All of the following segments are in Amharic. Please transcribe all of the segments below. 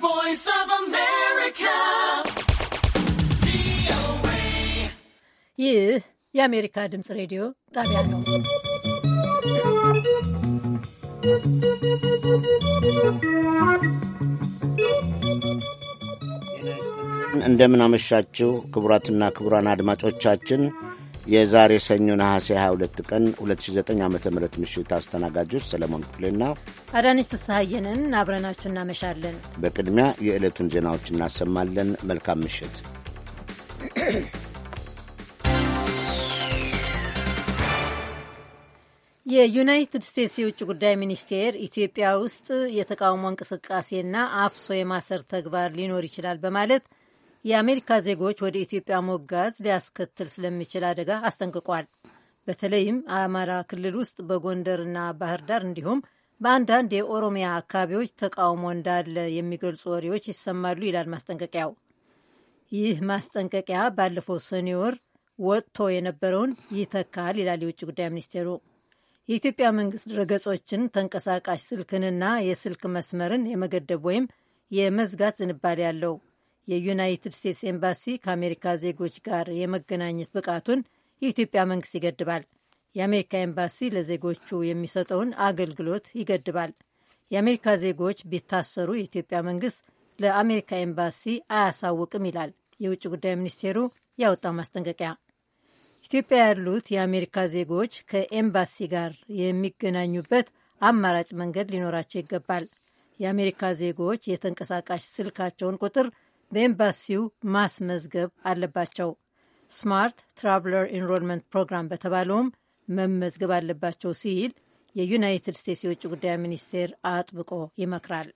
voice of America. ይህ የአሜሪካ ድምፅ ሬዲዮ ጣቢያ ነው። እንደምን አመሻችሁ ክቡራትና ክቡራን አድማጮቻችን የዛሬ ሰኞ ነሐሴ 22 ቀን 2009 ዓ ም ምሽት አስተናጋጆች ሰለሞን ክፍሌና አዳነች ፍስሐየንን አብረናችሁ እናመሻለን። በቅድሚያ የዕለቱን ዜናዎች እናሰማለን። መልካም ምሽት። የዩናይትድ ስቴትስ የውጭ ጉዳይ ሚኒስቴር ኢትዮጵያ ውስጥ የተቃውሞ እንቅስቃሴና አፍሶ የማሰር ተግባር ሊኖር ይችላል በማለት የአሜሪካ ዜጎች ወደ ኢትዮጵያ ሞጋዝ ሊያስከትል ስለሚችል አደጋ አስጠንቅቋል። በተለይም አማራ ክልል ውስጥ በጎንደርና ባህር ዳር እንዲሁም በአንዳንድ የኦሮሚያ አካባቢዎች ተቃውሞ እንዳለ የሚገልጹ ወሬዎች ይሰማሉ ይላል ማስጠንቀቂያው። ይህ ማስጠንቀቂያ ባለፈው ሰኔ ወር ወጥቶ የነበረውን ይተካል ይላል የውጭ ጉዳይ ሚኒስቴሩ። የኢትዮጵያ መንግስት ድረገጾችን፣ ተንቀሳቃሽ ስልክንና የስልክ መስመርን የመገደብ ወይም የመዝጋት ዝንባሌ ያለው የዩናይትድ ስቴትስ ኤምባሲ ከአሜሪካ ዜጎች ጋር የመገናኘት ብቃቱን የኢትዮጵያ መንግስት ይገድባል። የአሜሪካ ኤምባሲ ለዜጎቹ የሚሰጠውን አገልግሎት ይገድባል። የአሜሪካ ዜጎች ቢታሰሩ የኢትዮጵያ መንግስት ለአሜሪካ ኤምባሲ አያሳውቅም ይላል የውጭ ጉዳይ ሚኒስቴሩ ያወጣው ማስጠንቀቂያ። ኢትዮጵያ ያሉት የአሜሪካ ዜጎች ከኤምባሲ ጋር የሚገናኙበት አማራጭ መንገድ ሊኖራቸው ይገባል። የአሜሪካ ዜጎች የተንቀሳቃሽ ስልካቸውን ቁጥር በኤምባሲው ማስመዝገብ አለባቸው። ስማርት ትራቭለር ኢንሮልመንት ፕሮግራም በተባለውም መመዝገብ አለባቸው ሲል የዩናይትድ ስቴትስ የውጭ ጉዳይ ሚኒስቴር አጥብቆ ይመክራል።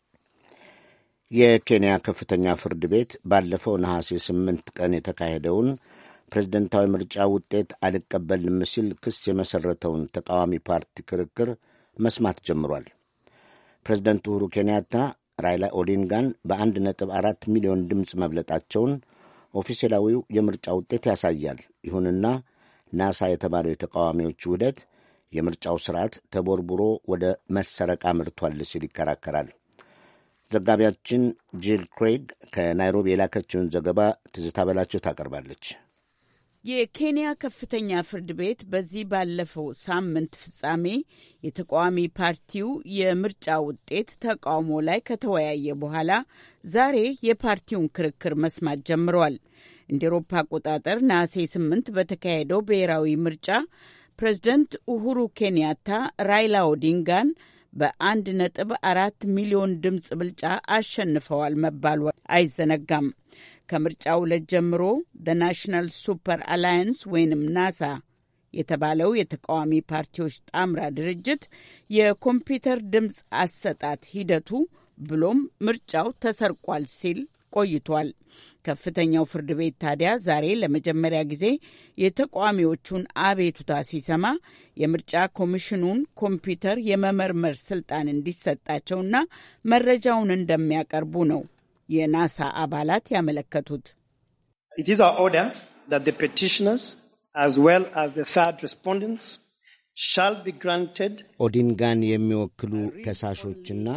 የኬንያ ከፍተኛ ፍርድ ቤት ባለፈው ነሐሴ ስምንት ቀን የተካሄደውን ፕሬዝደንታዊ ምርጫ ውጤት አልቀበልም ሲል ክስ የመሠረተውን ተቃዋሚ ፓርቲ ክርክር መስማት ጀምሯል። ፕሬዝደንት ኡሁሩ ኬንያታ ራይላ ኦዲንጋን በአንድ ነጥብ አራት ሚሊዮን ድምፅ መብለጣቸውን ኦፊሴላዊው የምርጫ ውጤት ያሳያል። ይሁንና ናሳ የተባለው የተቃዋሚዎች ውህደት የምርጫው ስርዓት ተቦርቡሮ ወደ መሰረቅ አምርቷል ሲል ይከራከራል። ዘጋቢያችን ጂል ክሬግ ከናይሮቢ የላከችውን ዘገባ ትዝታ በላቸው ታቀርባለች። የኬንያ ከፍተኛ ፍርድ ቤት በዚህ ባለፈው ሳምንት ፍጻሜ የተቃዋሚ ፓርቲው የምርጫ ውጤት ተቃውሞ ላይ ከተወያየ በኋላ ዛሬ የፓርቲውን ክርክር መስማት ጀምሯል። እንደ ኤሮፓ አቆጣጠር ነሐሴ 8 በተካሄደው ብሔራዊ ምርጫ ፕሬዝደንት ኡሁሩ ኬንያታ ራይላ ኦዲንጋን በአንድ ነጥብ አራት ሚሊዮን ድምፅ ብልጫ አሸንፈዋል መባሉ አይዘነጋም። ከምርጫው ለት ጀምሮ ደ ናሽናል ሱፐር አላያንስ ወይንም ናሳ የተባለው የተቃዋሚ ፓርቲዎች ጣምራ ድርጅት የኮምፒውተር ድምፅ አሰጣት ሂደቱ ብሎም ምርጫው ተሰርቋል ሲል ቆይቷል። ከፍተኛው ፍርድ ቤት ታዲያ ዛሬ ለመጀመሪያ ጊዜ የተቃዋሚዎቹን አቤቱታ ሲሰማ የምርጫ ኮሚሽኑን ኮምፒውተር የመመርመር ስልጣን እንዲሰጣቸውና መረጃውን እንደሚያቀርቡ ነው የናሳ አባላት ያመለከቱት። ኦዲንጋን የሚወክሉ ከሳሾችና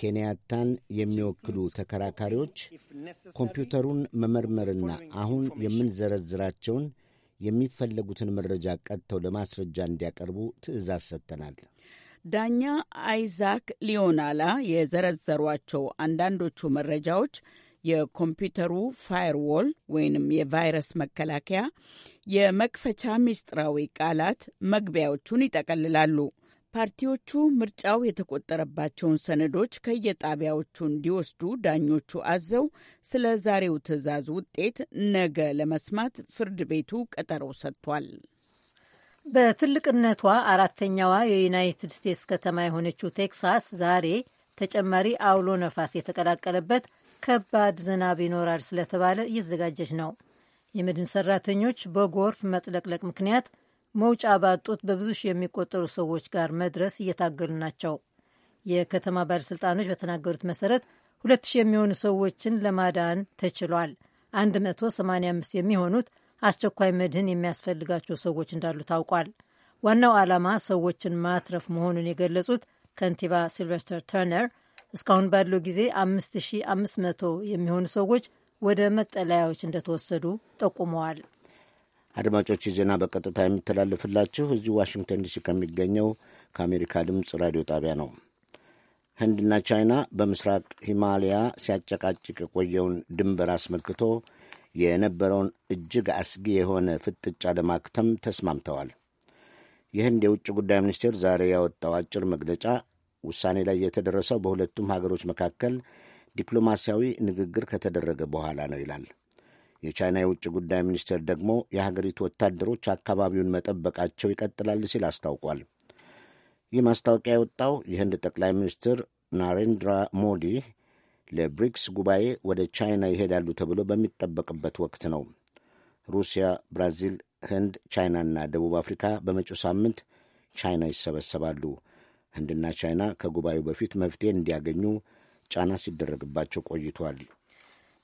ኬንያታን የሚወክሉ ተከራካሪዎች ኮምፒውተሩን መመርመርና አሁን የምንዘረዝራቸውን የሚፈለጉትን መረጃ ቀጥተው ለማስረጃ እንዲያቀርቡ ትዕዛዝ ሰጥተናል። ዳኛ አይዛክ ሊዮናላ የዘረዘሯቸው አንዳንዶቹ መረጃዎች የኮምፒውተሩ ፋይርዎል ወይንም የቫይረስ መከላከያ የመክፈቻ ሚስጥራዊ ቃላት መግቢያዎቹን ይጠቀልላሉ። ፓርቲዎቹ ምርጫው የተቆጠረባቸውን ሰነዶች ከየጣቢያዎቹ እንዲወስዱ ዳኞቹ አዘው ስለ ዛሬው ትዕዛዝ ውጤት ነገ ለመስማት ፍርድ ቤቱ ቀጠሮ ሰጥቷል። በትልቅነቷ አራተኛዋ የዩናይትድ ስቴትስ ከተማ የሆነችው ቴክሳስ ዛሬ ተጨማሪ አውሎ ነፋስ የተቀላቀለበት ከባድ ዝናብ ይኖራል ስለተባለ እየተዘጋጀች ነው። የመድን ሰራተኞች በጎርፍ መጥለቅለቅ ምክንያት መውጫ ባጡት በብዙ ሺህ የሚቆጠሩ ሰዎች ጋር መድረስ እየታገሉ ናቸው። የከተማ ባለሥልጣኖች በተናገሩት መሰረት ሁለት ሺህ የሚሆኑ ሰዎችን ለማዳን ተችሏል። 185 የሚሆኑት አስቸኳይ መድህን የሚያስፈልጋቸው ሰዎች እንዳሉ ታውቋል። ዋናው ዓላማ ሰዎችን ማትረፍ መሆኑን የገለጹት ከንቲባ ሲልቨስተር ተርነር እስካሁን ባለው ጊዜ 5500 የሚሆኑ ሰዎች ወደ መጠለያዎች እንደተወሰዱ ጠቁመዋል። አድማጮች፣ ዜና በቀጥታ የሚተላለፍላችሁ እዚህ ዋሽንግተን ዲሲ ከሚገኘው ከአሜሪካ ድምፅ ራዲዮ ጣቢያ ነው። ህንድና ቻይና በምስራቅ ሂማሊያ ሲያጨቃጭቅ የቆየውን ድንበር አስመልክቶ የነበረውን እጅግ አስጊ የሆነ ፍጥጫ ለማክተም ተስማምተዋል። የህንድ የውጭ ጉዳይ ሚኒስቴር ዛሬ ያወጣው አጭር መግለጫ ውሳኔ ላይ የተደረሰው በሁለቱም ሀገሮች መካከል ዲፕሎማሲያዊ ንግግር ከተደረገ በኋላ ነው ይላል። የቻይና የውጭ ጉዳይ ሚኒስቴር ደግሞ የሀገሪቱ ወታደሮች አካባቢውን መጠበቃቸው ይቀጥላል ሲል አስታውቋል። ይህ ማስታወቂያ የወጣው የህንድ ጠቅላይ ሚኒስትር ናሬንድራ ሞዲ ለብሪክስ ጉባኤ ወደ ቻይና ይሄዳሉ ተብሎ በሚጠበቅበት ወቅት ነው። ሩሲያ፣ ብራዚል፣ ህንድ፣ ቻይናና ደቡብ አፍሪካ በመጪው ሳምንት ቻይና ይሰበሰባሉ። ህንድና ቻይና ከጉባኤው በፊት መፍትሄ እንዲያገኙ ጫና ሲደረግባቸው ቆይቷል።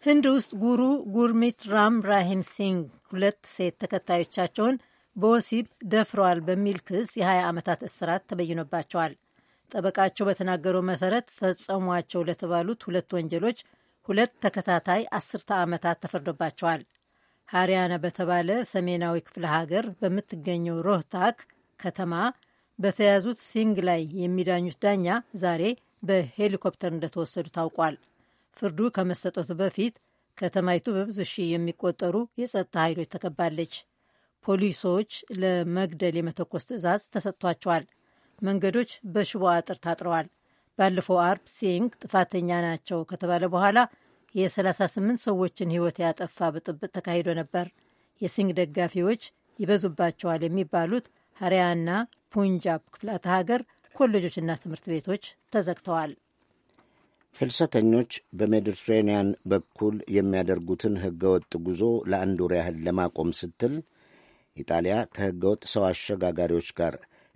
ህንድ ውስጥ ጉሩ ጉርሚት ራም ራሂም ሲንግ ሁለት ሴት ተከታዮቻቸውን በወሲብ ደፍረዋል በሚል ክስ የ20 ዓመታት እስራት ተበይኖባቸዋል። ጠበቃቸው በተናገረው መሰረት ፈጸሟቸው ለተባሉት ሁለት ወንጀሎች ሁለት ተከታታይ አስርተ ዓመታት ተፈርዶባቸዋል። ሃሪያና በተባለ ሰሜናዊ ክፍለ ሀገር በምትገኘው ሮህታክ ከተማ በተያዙት ሲንግ ላይ የሚዳኙት ዳኛ ዛሬ በሄሊኮፕተር እንደተወሰዱ ታውቋል። ፍርዱ ከመሰጠቱ በፊት ከተማይቱ በብዙ ሺህ የሚቆጠሩ የጸጥታ ኃይሎች ተከባለች። ፖሊሶች ለመግደል የመተኮስ ትዕዛዝ ተሰጥቷቸዋል። መንገዶች በሽቦ አጥር ታጥረዋል። ባለፈው አርብ ሲንግ ጥፋተኛ ናቸው ከተባለ በኋላ የ38 ሰዎችን ሕይወት ያጠፋ ብጥብጥ ተካሂዶ ነበር። የሲንግ ደጋፊዎች ይበዙባቸዋል የሚባሉት ሀሪያና ፑንጃብ ክፍላተ ሀገር ኮሌጆችና ትምህርት ቤቶች ተዘግተዋል። ፍልሰተኞች በሜዲትሬንያን በኩል የሚያደርጉትን ህገወጥ ጉዞ ለአንድ ወር ያህል ለማቆም ስትል ኢጣሊያ ከህገወጥ ሰው አሸጋጋሪዎች ጋር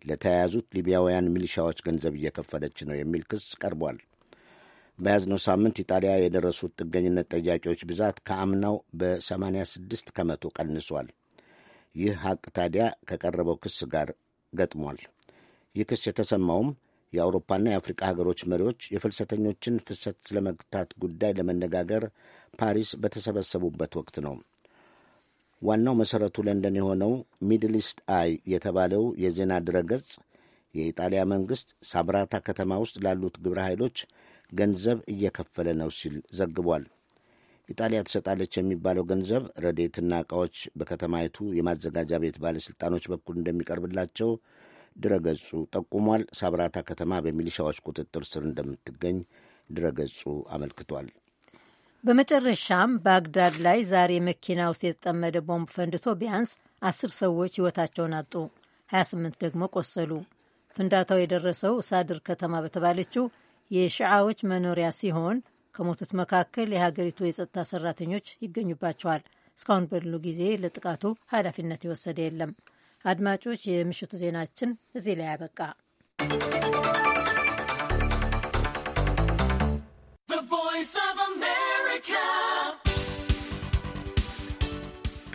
ለተያያዙት ሊቢያውያን ሚሊሻዎች ገንዘብ እየከፈለች ነው የሚል ክስ ቀርቧል። በያዝነው ሳምንት ኢጣሊያ የደረሱት ጥገኝነት ጠያቂዎች ብዛት ከአምናው በ86 ከመቶ ቀንሷል። ይህ ሀቅ ታዲያ ከቀረበው ክስ ጋር ገጥሟል። ይህ ክስ የተሰማውም የአውሮፓና የአፍሪቃ ሀገሮች መሪዎች የፍልሰተኞችን ፍሰት ስለመግታት ጉዳይ ለመነጋገር ፓሪስ በተሰበሰቡበት ወቅት ነው። ዋናው መሠረቱ ለንደን የሆነው ሚድል ኢስት አይ የተባለው የዜና ድረገጽ የኢጣሊያ መንግሥት ሳብራታ ከተማ ውስጥ ላሉት ግብረ ኃይሎች ገንዘብ እየከፈለ ነው ሲል ዘግቧል። ኢጣሊያ ትሰጣለች የሚባለው ገንዘብ ረዴትና ዕቃዎች በከተማይቱ የማዘጋጃ ቤት ባለሥልጣኖች በኩል እንደሚቀርብላቸው ድረገጹ ጠቁሟል። ሳብራታ ከተማ በሚሊሻዎች ቁጥጥር ስር እንደምትገኝ ድረገጹ አመልክቷል። በመጨረሻም ባግዳድ ላይ ዛሬ መኪና ውስጥ የተጠመደ ቦምብ ፈንድቶ ቢያንስ አስር ሰዎች ሕይወታቸውን አጡ፣ 28 ደግሞ ቆሰሉ። ፍንዳታው የደረሰው ሳድር ከተማ በተባለችው የሽዓዎች መኖሪያ ሲሆን ከሞቱት መካከል የሀገሪቱ የጸጥታ ሰራተኞች ይገኙባቸዋል። እስካሁን ባለው ጊዜ ለጥቃቱ ኃላፊነት የወሰደ የለም። አድማጮች፣ የምሽቱ ዜናችን እዚህ ላይ ያበቃ።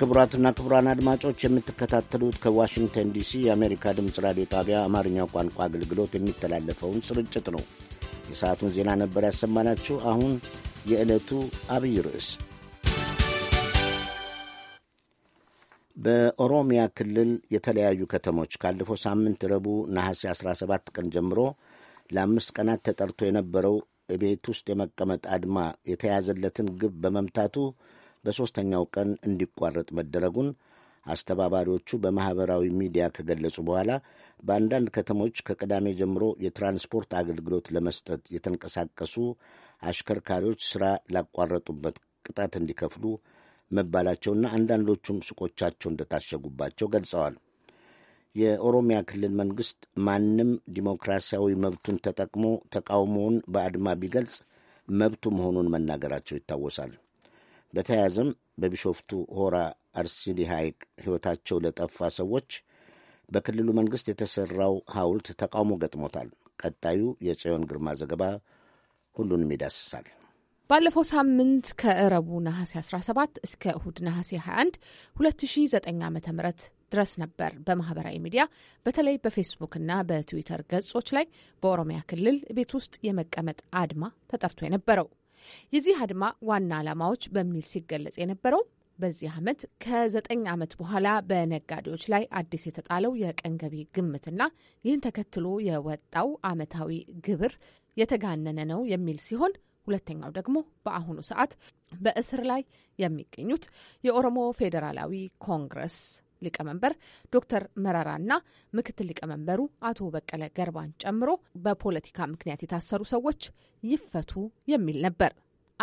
ክቡራትና ክቡራን አድማጮች የምትከታተሉት ከዋሽንግተን ዲሲ የአሜሪካ ድምፅ ራዲዮ ጣቢያ አማርኛ ቋንቋ አገልግሎት የሚተላለፈውን ስርጭት ነው። የሰዓቱን ዜና ነበር ያሰማናችሁ። አሁን የዕለቱ አብይ ርዕስ በኦሮሚያ ክልል የተለያዩ ከተሞች ካለፈው ሳምንት ረቡዕ ነሐሴ 17 ቀን ጀምሮ ለአምስት ቀናት ተጠርቶ የነበረው ቤት ውስጥ የመቀመጥ አድማ የተያዘለትን ግብ በመምታቱ በሦስተኛው ቀን እንዲቋረጥ መደረጉን አስተባባሪዎቹ በማኅበራዊ ሚዲያ ከገለጹ በኋላ በአንዳንድ ከተሞች ከቅዳሜ ጀምሮ የትራንስፖርት አገልግሎት ለመስጠት የተንቀሳቀሱ አሽከርካሪዎች ሥራ ላቋረጡበት ቅጣት እንዲከፍሉ መባላቸውና አንዳንዶቹም ሱቆቻቸው እንደታሸጉባቸው ገልጸዋል። የኦሮሚያ ክልል መንግሥት ማንም ዲሞክራሲያዊ መብቱን ተጠቅሞ ተቃውሞውን በአድማ ቢገልጽ መብቱ መሆኑን መናገራቸው ይታወሳል። በተያያዘም በቢሾፍቱ ሆራ አርሲዲ ሐይቅ ሕይወታቸው ለጠፋ ሰዎች በክልሉ መንግሥት የተሠራው ሐውልት ተቃውሞ ገጥሞታል። ቀጣዩ የጽዮን ግርማ ዘገባ ሁሉንም ይዳስሳል። ባለፈው ሳምንት ከእረቡ ነሐሴ 17 እስከ እሁድ ነሐሴ 21 2009 ዓ ም ድረስ ነበር በማህበራዊ ሚዲያ በተለይ በፌስቡክና በትዊተር ገጾች ላይ በኦሮሚያ ክልል ቤት ውስጥ የመቀመጥ አድማ ተጠርቶ የነበረው የዚህ አድማ ዋና ዓላማዎች በሚል ሲገለጽ የነበረው በዚህ ዓመት ከዘጠኝ ዓመት በኋላ በነጋዴዎች ላይ አዲስ የተጣለው የቀን ገቢ ግምትና ይህን ተከትሎ የወጣው ዓመታዊ ግብር የተጋነነ ነው የሚል ሲሆን ሁለተኛው ደግሞ በአሁኑ ሰዓት በእስር ላይ የሚገኙት የኦሮሞ ፌዴራላዊ ኮንግረስ ሊቀመንበር ዶክተር መረራ ምክትል ሊቀመንበሩ አቶ በቀለ ገርባን ጨምሮ በፖለቲካ ምክንያት የታሰሩ ሰዎች ይፈቱ የሚል ነበር።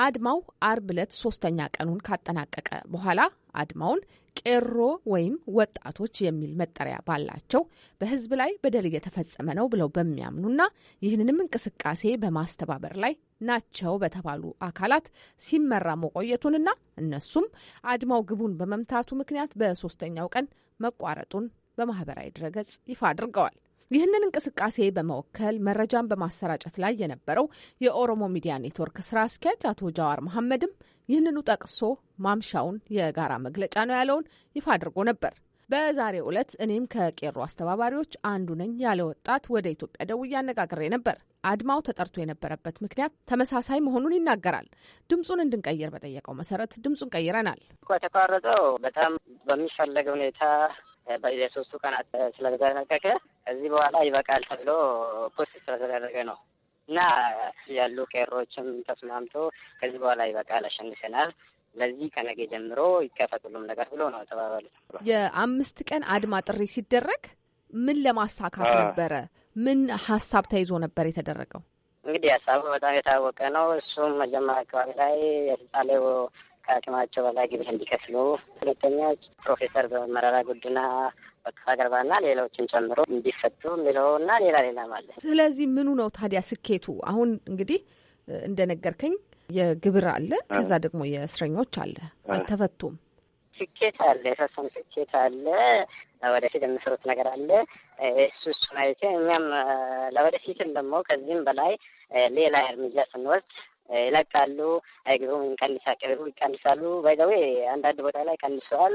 አድማው አርብ ዕለት ሶስተኛ ቀኑን ካጠናቀቀ በኋላ አድማውን ቄሮ ወይም ወጣቶች የሚል መጠሪያ ባላቸው በህዝብ ላይ በደል እየተፈጸመ ነው ብለው በሚያምኑና ይህንንም እንቅስቃሴ በማስተባበር ላይ ናቸው በተባሉ አካላት ሲመራ መቆየቱንና እነሱም አድማው ግቡን በመምታቱ ምክንያት በሶስተኛው ቀን መቋረጡን በማህበራዊ ድረገጽ ይፋ አድርገዋል። ይህንን እንቅስቃሴ በመወከል መረጃን በማሰራጨት ላይ የነበረው የኦሮሞ ሚዲያ ኔትወርክ ስራ አስኪያጅ አቶ ጃዋር መሐመድም ይህንኑ ጠቅሶ ማምሻውን የጋራ መግለጫ ነው ያለውን ይፋ አድርጎ ነበር። በዛሬ ዕለት እኔም ከቄሮ አስተባባሪዎች አንዱ ነኝ ያለ ወጣት ወደ ኢትዮጵያ ደውዬ አነጋግሬ ነበር። አድማው ተጠርቶ የነበረበት ምክንያት ተመሳሳይ መሆኑን ይናገራል። ድምፁን እንድንቀይር በጠየቀው መሰረት ድምፁን ቀይረናል። የተቋረጠው በጣም በሚፈለግ ሁኔታ የሶስቱ ቀናት ስለተደረገ ከዚህ በኋላ ይበቃል ተብሎ ፖስት ስለተደረገ ነው እና ያሉ ቄሮችም ተስማምቶ ከዚህ በኋላ ይበቃል፣ አሸንፈናል ለዚህ ከነገ ጀምሮ ይከፈት ነገር ብሎ ነው ተባባሉ። የአምስት ቀን አድማ ጥሪ ሲደረግ ምን ለማሳካት ነበረ? ምን ሀሳብ ተይዞ ነበር የተደረገው? እንግዲህ ሀሳቡ በጣም የታወቀ ነው። እሱም መጀመሪያ አካባቢ ላይ የተጣለው ከአቅማቸው በላይ ግብር እንዲከፍሉ፣ ሁለተኛዎች ፕሮፌሰር መረራ ጉድና በቃ ገርባና ሌሎችን ጨምሮ እንዲፈቱ የሚለው የሚለውና ሌላ ሌላ ማለት። ስለዚህ ምኑ ነው ታዲያ ስኬቱ? አሁን እንግዲህ እንደነገርከኝ የግብር አለ፣ ከዛ ደግሞ የእስረኞች አለ፣ አልተፈቱም። ስኬት አለ፣ የፈሰም ስኬት አለ፣ ለወደፊት የምስሩት ነገር አለ። እሱ እሱን አይቼ እኛም ለወደፊትም ደግሞ ከዚህም በላይ ሌላ እርምጃ ስንወስድ ይለቃሉ። አይግሩም ቀንሳ ቅሩ ይቀንሳሉ። ባይዘዌ አንዳንድ ቦታ ላይ ቀንሰዋል።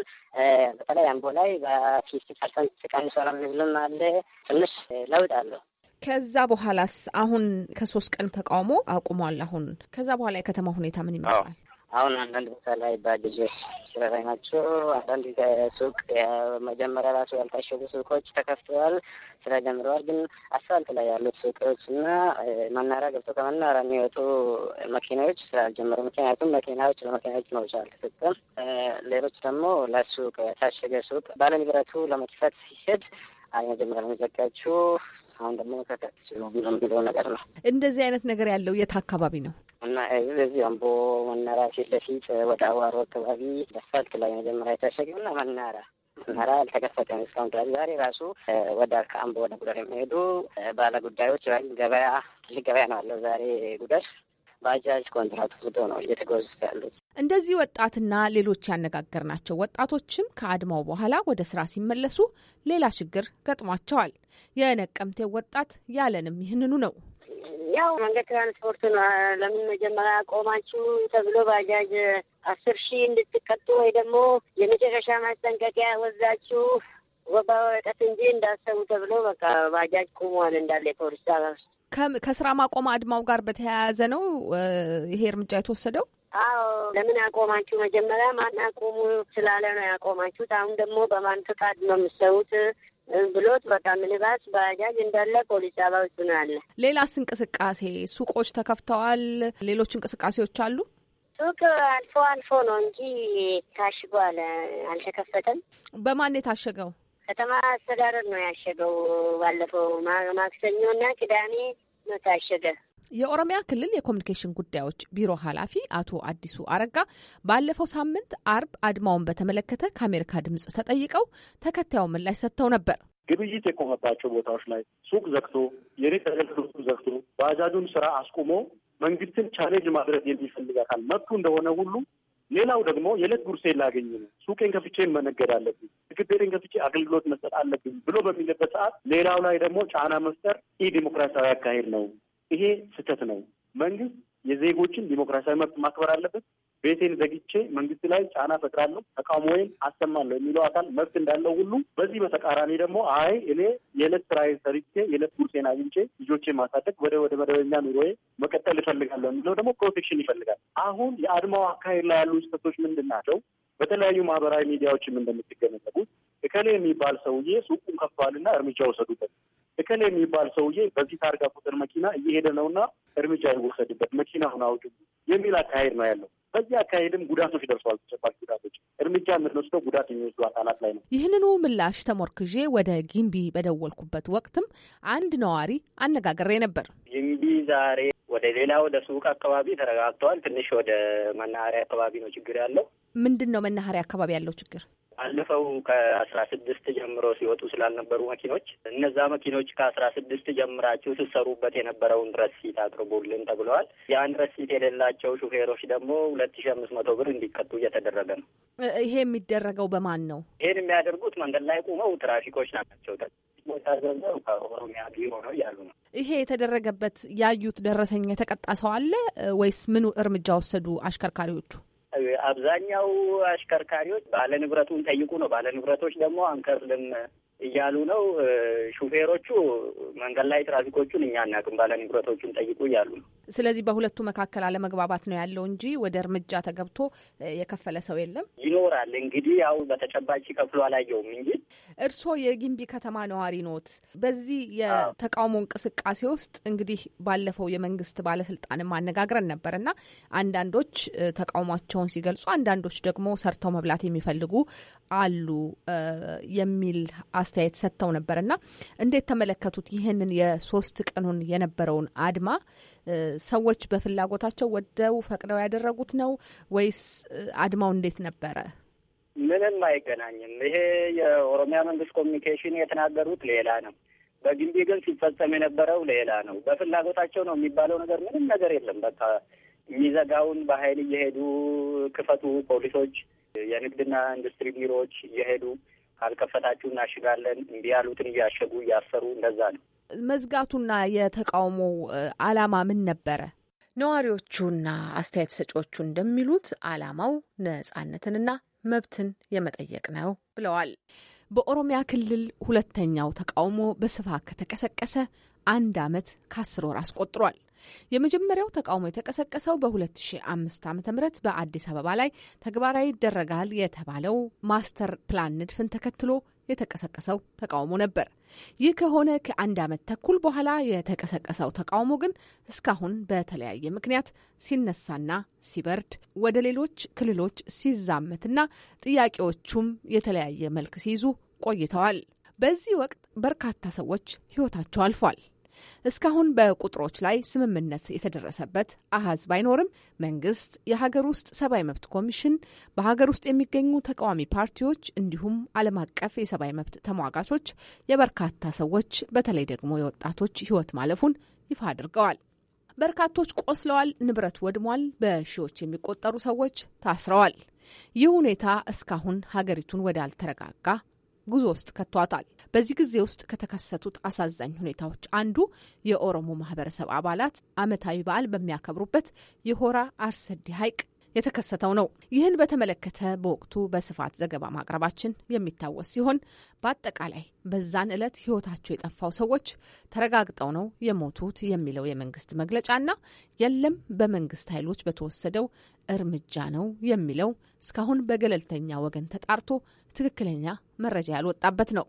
በተለይ አምቦ ላይ በፊፍቲ ፐርሰንት ቀንሰዋል ብሎም አለ። ትንሽ ለውጥ አለው። ከዛ በኋላስ አሁን ከሶስት ቀን ተቃውሞ አቁሟል። አሁን ከዛ በኋላ የከተማ ሁኔታ ምን ይመስላል? አሁን አንዳንድ ቦታ ላይ ባጃጆች ስራ ናቸው። አንዳንድ ሱቅ መጀመሪያ ራሱ ያልታሸጉ ሱቆች ተከፍተዋል፣ ስራ ጀምረዋል። ግን አስፋልት ላይ ያሉት ሱቆች እና መናሪያ ገብቶ ከመናሪያ የሚወጡ መኪናዎች ስራ አልጀመሩ። ምክንያቱም መኪናዎች ለመኪናዎች መውጫ አልተሰጠም። ሌሎች ደግሞ ለሱቅ የታሸገ ሱቅ ባለንብረቱ ለመክፈት ሲሄድ አይ መጀመሪያ ዘጋችሁ፣ አሁን ደግሞ ከታች የሚለው ነገር ነው። እንደዚህ አይነት ነገር ያለው የት አካባቢ ነው? እና እዚህ አምቦ መናራ ፊት ለፊት ወደ አዋሮ አካባቢ አስፋልት ላይ መጀመሪያ የታሸገ እና መናራ መናራ አልተከፈተም እስካሁን ድረስ። ዛሬ ራሱ ወደ ከአምቦ ወደ ጉደር የሚሄዱ ባለጉዳዮች ገበያ ትልቅ ገበያ ነው አለው ዛሬ ጉደር ባጃጅ ኮንትራት ወስዶ ነው እየተጓዙ ያሉት። እንደዚህ ወጣትና ሌሎች ያነጋገርናቸው ወጣቶችም ከአድማው በኋላ ወደ ስራ ሲመለሱ ሌላ ችግር ገጥሟቸዋል። የነቀምቴ ወጣት ያለንም ይህንኑ ነው። ያው መንገድ ትራንስፖርት ነው። ለምን መጀመሪያ ቆማችሁ ተብሎ ባጃጅ አስር ሺህ እንድትቀጡ ወይ ደግሞ የመጨረሻ ማስጠንቀቂያ ወዛችሁ ወባ ወረቀት እንጂ እንዳሰቡ ተብሎ በቃ ባጃጅ ቁሟል እንዳለ የፖሊስ ውስጥ ከስራ ማቆም አድማው ጋር በተያያዘ ነው ይሄ እርምጃ የተወሰደው? አዎ ለምን ያቆማችሁ? መጀመሪያ ማን ያቆሙ ስላለ ነው ያቆማችሁት። አሁን ደግሞ በማን ፍቃድ ነው የምትሰሩት ብሎት በቃ ምንባስ ባጃጅ እንዳለ ፖሊስ አባ ውስጥ ነው ያለ። ሌላስ እንቅስቃሴ ሱቆች ተከፍተዋል። ሌሎች እንቅስቃሴዎች አሉ። ሱቅ አልፎ አልፎ ነው እንጂ ታሽጓል፣ አልተከፈተም። በማን የታሸገው? ከተማ አስተዳደር ነው ያሸገው። ባለፈው ማክሰኞና ቅዳሜ ነው ታሸገ። የኦሮሚያ ክልል የኮሚኒኬሽን ጉዳዮች ቢሮ ኃላፊ አቶ አዲሱ አረጋ ባለፈው ሳምንት አርብ አድማውን በተመለከተ ከአሜሪካ ድምጽ ተጠይቀው ተከታዩን ምላሽ ሰጥተው ነበር። ግብይት የቆመባቸው ቦታዎች ላይ ሱቅ ዘግቶ የቤት አገልግሎቱ ዘግቶ ባጃጁን ስራ አስቁሞ መንግስትን ቻሌንጅ ማድረግ የሚፈልግ አካል መብቱ እንደሆነ ሁሉ ሌላው ደግሞ የዕለት ጉርሴ ላገኝ ነው፣ ሱቄን ከፍቼ መነገድ አለብኝ፣ ምግብ ቤቴን ከፍቼ አገልግሎት መስጠት አለብኝ ብሎ በሚልበት ሰዓት ሌላው ላይ ደግሞ ጫና መፍጠር ኢ ዲሞክራሲያዊ አካሄድ ነው። ይሄ ስህተት ነው። መንግስት የዜጎችን ዲሞክራሲያዊ መብት ማክበር አለበት። ቤቴን ዘግቼ መንግስት ላይ ጫና ፈጥራለሁ፣ ተቃውሞዬን አሰማለሁ የሚለው አካል መብት እንዳለው ሁሉ በዚህ በተቃራኒ ደግሞ አይ እኔ የዕለት ስራዬን ሰርቼ የዕለት ጉርሴን አግኝቼ ልጆቼ ማሳደግ ወደ ወደ መደበኛ ኑሮዬ መቀጠል እፈልጋለሁ የሚለው ደግሞ ፕሮቴክሽን ይፈልጋል። አሁን የአድማው አካሄድ ላይ ያሉ ስህተቶች ምንድን ናቸው? በተለያዩ ማህበራዊ ሚዲያዎችም እንደምትገነዘቡት እከሌ የሚባል ሰውዬ ሱቁን ከፍቷልና እርምጃ ወሰዱበት፣ እከሌ የሚባል ሰውዬ በዚህ ታርጋ ቁጥር መኪና እየሄደ ነውና እርምጃ ይወሰድበት፣ መኪናውን አውጡ የሚል አካሄድ ነው ያለው። በዚህ አካሄድም ጉዳቶች ደርሰዋል። ተጨባጭ ጉዳቶች እርምጃ የምንወስደው ጉዳት የሚወስዱ አካላት ላይ ነው። ይህንኑ ምላሽ ተሞርክዤ ወደ ጊምቢ በደወልኩበት ወቅትም አንድ ነዋሪ አነጋግሬ ነበር። ጊምቢ ዛሬ ወደ ሌላ ወደ ሱቅ አካባቢ ተረጋግተዋል። ትንሽ ወደ መናኸሪያ አካባቢ ነው ችግር ያለው። ምንድን ነው መናኸሪያ አካባቢ ያለው ችግር? አለፈው ከአስራ ስድስት ጀምሮ ሲወጡ ስላልነበሩ መኪኖች እነዛ መኪኖች ከአስራ ስድስት ጀምራችሁ ስትሰሩበት የነበረውን ረሲት አቅርቡልን ተብለዋል። ያን ረሲት የሌላቸው ሹፌሮች ደግሞ ሁለት ሺ አምስት መቶ ብር እንዲቀጡ እየተደረገ ነው። ይሄ የሚደረገው በማን ነው? ይሄን የሚያደርጉት መንገድ ላይ ቁመው ትራፊኮች ናቸው። ታዘዘው ከኦሮሚያ ቢሮ ነው እያሉ ነው። ይሄ የተደረገበት ያዩት ደረሰኝ የተቀጣ ሰው አለ ወይስ ምኑ እርምጃ ወሰዱ አሽከርካሪዎቹ? አብዛኛው አሽከርካሪዎች ባለንብረቱን ጠይቁ ነው። ባለንብረቶች ደግሞ አንከፍልም እያሉ ነው። ሹፌሮቹ መንገድ ላይ ትራፊኮቹን እኛ አናውቅም ባለ ንብረቶቹን ጠይቁ እያሉ ነው። ስለዚህ በሁለቱ መካከል አለመግባባት ነው ያለው እንጂ ወደ እርምጃ ተገብቶ የከፈለ ሰው የለም። ይኖራል እንግዲህ ያው በተጨባጭ ከፍሎ አላየውም እንጂ። እርስዎ የጊምቢ ከተማ ነዋሪ ኖት። በዚህ የተቃውሞ እንቅስቃሴ ውስጥ እንግዲህ ባለፈው የመንግስት ባለስልጣን አነጋግረን ነበር እና አንዳንዶች ተቃውሟቸውን ሲገልጹ፣ አንዳንዶች ደግሞ ሰርተው መብላት የሚፈልጉ አሉ የሚል አስተያየት ሰጥተው ነበርና እንዴት ተመለከቱት? ይህንን የሶስት ቀኑን የነበረውን አድማ ሰዎች በፍላጎታቸው ወደው ፈቅደው ያደረጉት ነው ወይስ አድማው እንዴት ነበረ? ምንም አይገናኝም። ይሄ የኦሮሚያ መንግስት ኮሚኒኬሽን የተናገሩት ሌላ ነው። በግንቢ ግን ሲፈጸም የነበረው ሌላ ነው። በፍላጎታቸው ነው የሚባለው ነገር ምንም ነገር የለም። በቃ የሚዘጋውን በኃይል እየሄዱ ክፈቱ፣ ፖሊሶች፣ የንግድና ኢንዱስትሪ ቢሮዎች እየሄዱ ካልከፈታችሁ እናሽጋለን፣ እምቢ ያሉትን እያሸጉ እያሰሩ እንደዛ ነው። መዝጋቱና የተቃውሞ አላማ ምን ነበረ? ነዋሪዎቹና አስተያየት ሰጪዎቹ እንደሚሉት አላማው ነጻነትንና መብትን የመጠየቅ ነው ብለዋል። በኦሮሚያ ክልል ሁለተኛው ተቃውሞ በስፋት ከተቀሰቀሰ አንድ ዓመት ከአስር ወር አስቆጥሯል። የመጀመሪያው ተቃውሞ የተቀሰቀሰው በ2005 ዓ ም በአዲስ አበባ ላይ ተግባራዊ ይደረጋል የተባለው ማስተር ፕላን ንድፍን ተከትሎ የተቀሰቀሰው ተቃውሞ ነበር። ይህ ከሆነ ከአንድ ዓመት ተኩል በኋላ የተቀሰቀሰው ተቃውሞ ግን እስካሁን በተለያየ ምክንያት ሲነሳና ሲበርድ ወደ ሌሎች ክልሎች ሲዛመትና ጥያቄዎቹም የተለያየ መልክ ሲይዙ ቆይተዋል። በዚህ ወቅት በርካታ ሰዎች ሕይወታቸው አልፏል። እስካሁን በቁጥሮች ላይ ስምምነት የተደረሰበት አሀዝ ባይኖርም መንግስት፣ የሀገር ውስጥ ሰብአዊ መብት ኮሚሽን፣ በሀገር ውስጥ የሚገኙ ተቃዋሚ ፓርቲዎች እንዲሁም ዓለም አቀፍ የሰብአዊ መብት ተሟጋቾች የበርካታ ሰዎች በተለይ ደግሞ የወጣቶች ህይወት ማለፉን ይፋ አድርገዋል። በርካቶች ቆስለዋል፣ ንብረት ወድሟል፣ በሺዎች የሚቆጠሩ ሰዎች ታስረዋል። ይህ ሁኔታ እስካሁን ሀገሪቱን ወዳልተረጋጋ ጉዞ ውስጥ ከቷታል። በዚህ ጊዜ ውስጥ ከተከሰቱት አሳዛኝ ሁኔታዎች አንዱ የኦሮሞ ማህበረሰብ አባላት አመታዊ በዓል በሚያከብሩበት የሆራ አርሰዲ ሐይቅ የተከሰተው ነው። ይህን በተመለከተ በወቅቱ በስፋት ዘገባ ማቅረባችን የሚታወስ ሲሆን በአጠቃላይ በዛን ዕለት ሕይወታቸው የጠፋው ሰዎች ተረጋግጠው ነው የሞቱት የሚለው የመንግስት መግለጫና የለም በመንግስት ኃይሎች በተወሰደው እርምጃ ነው የሚለው እስካሁን በገለልተኛ ወገን ተጣርቶ ትክክለኛ መረጃ ያልወጣበት ነው።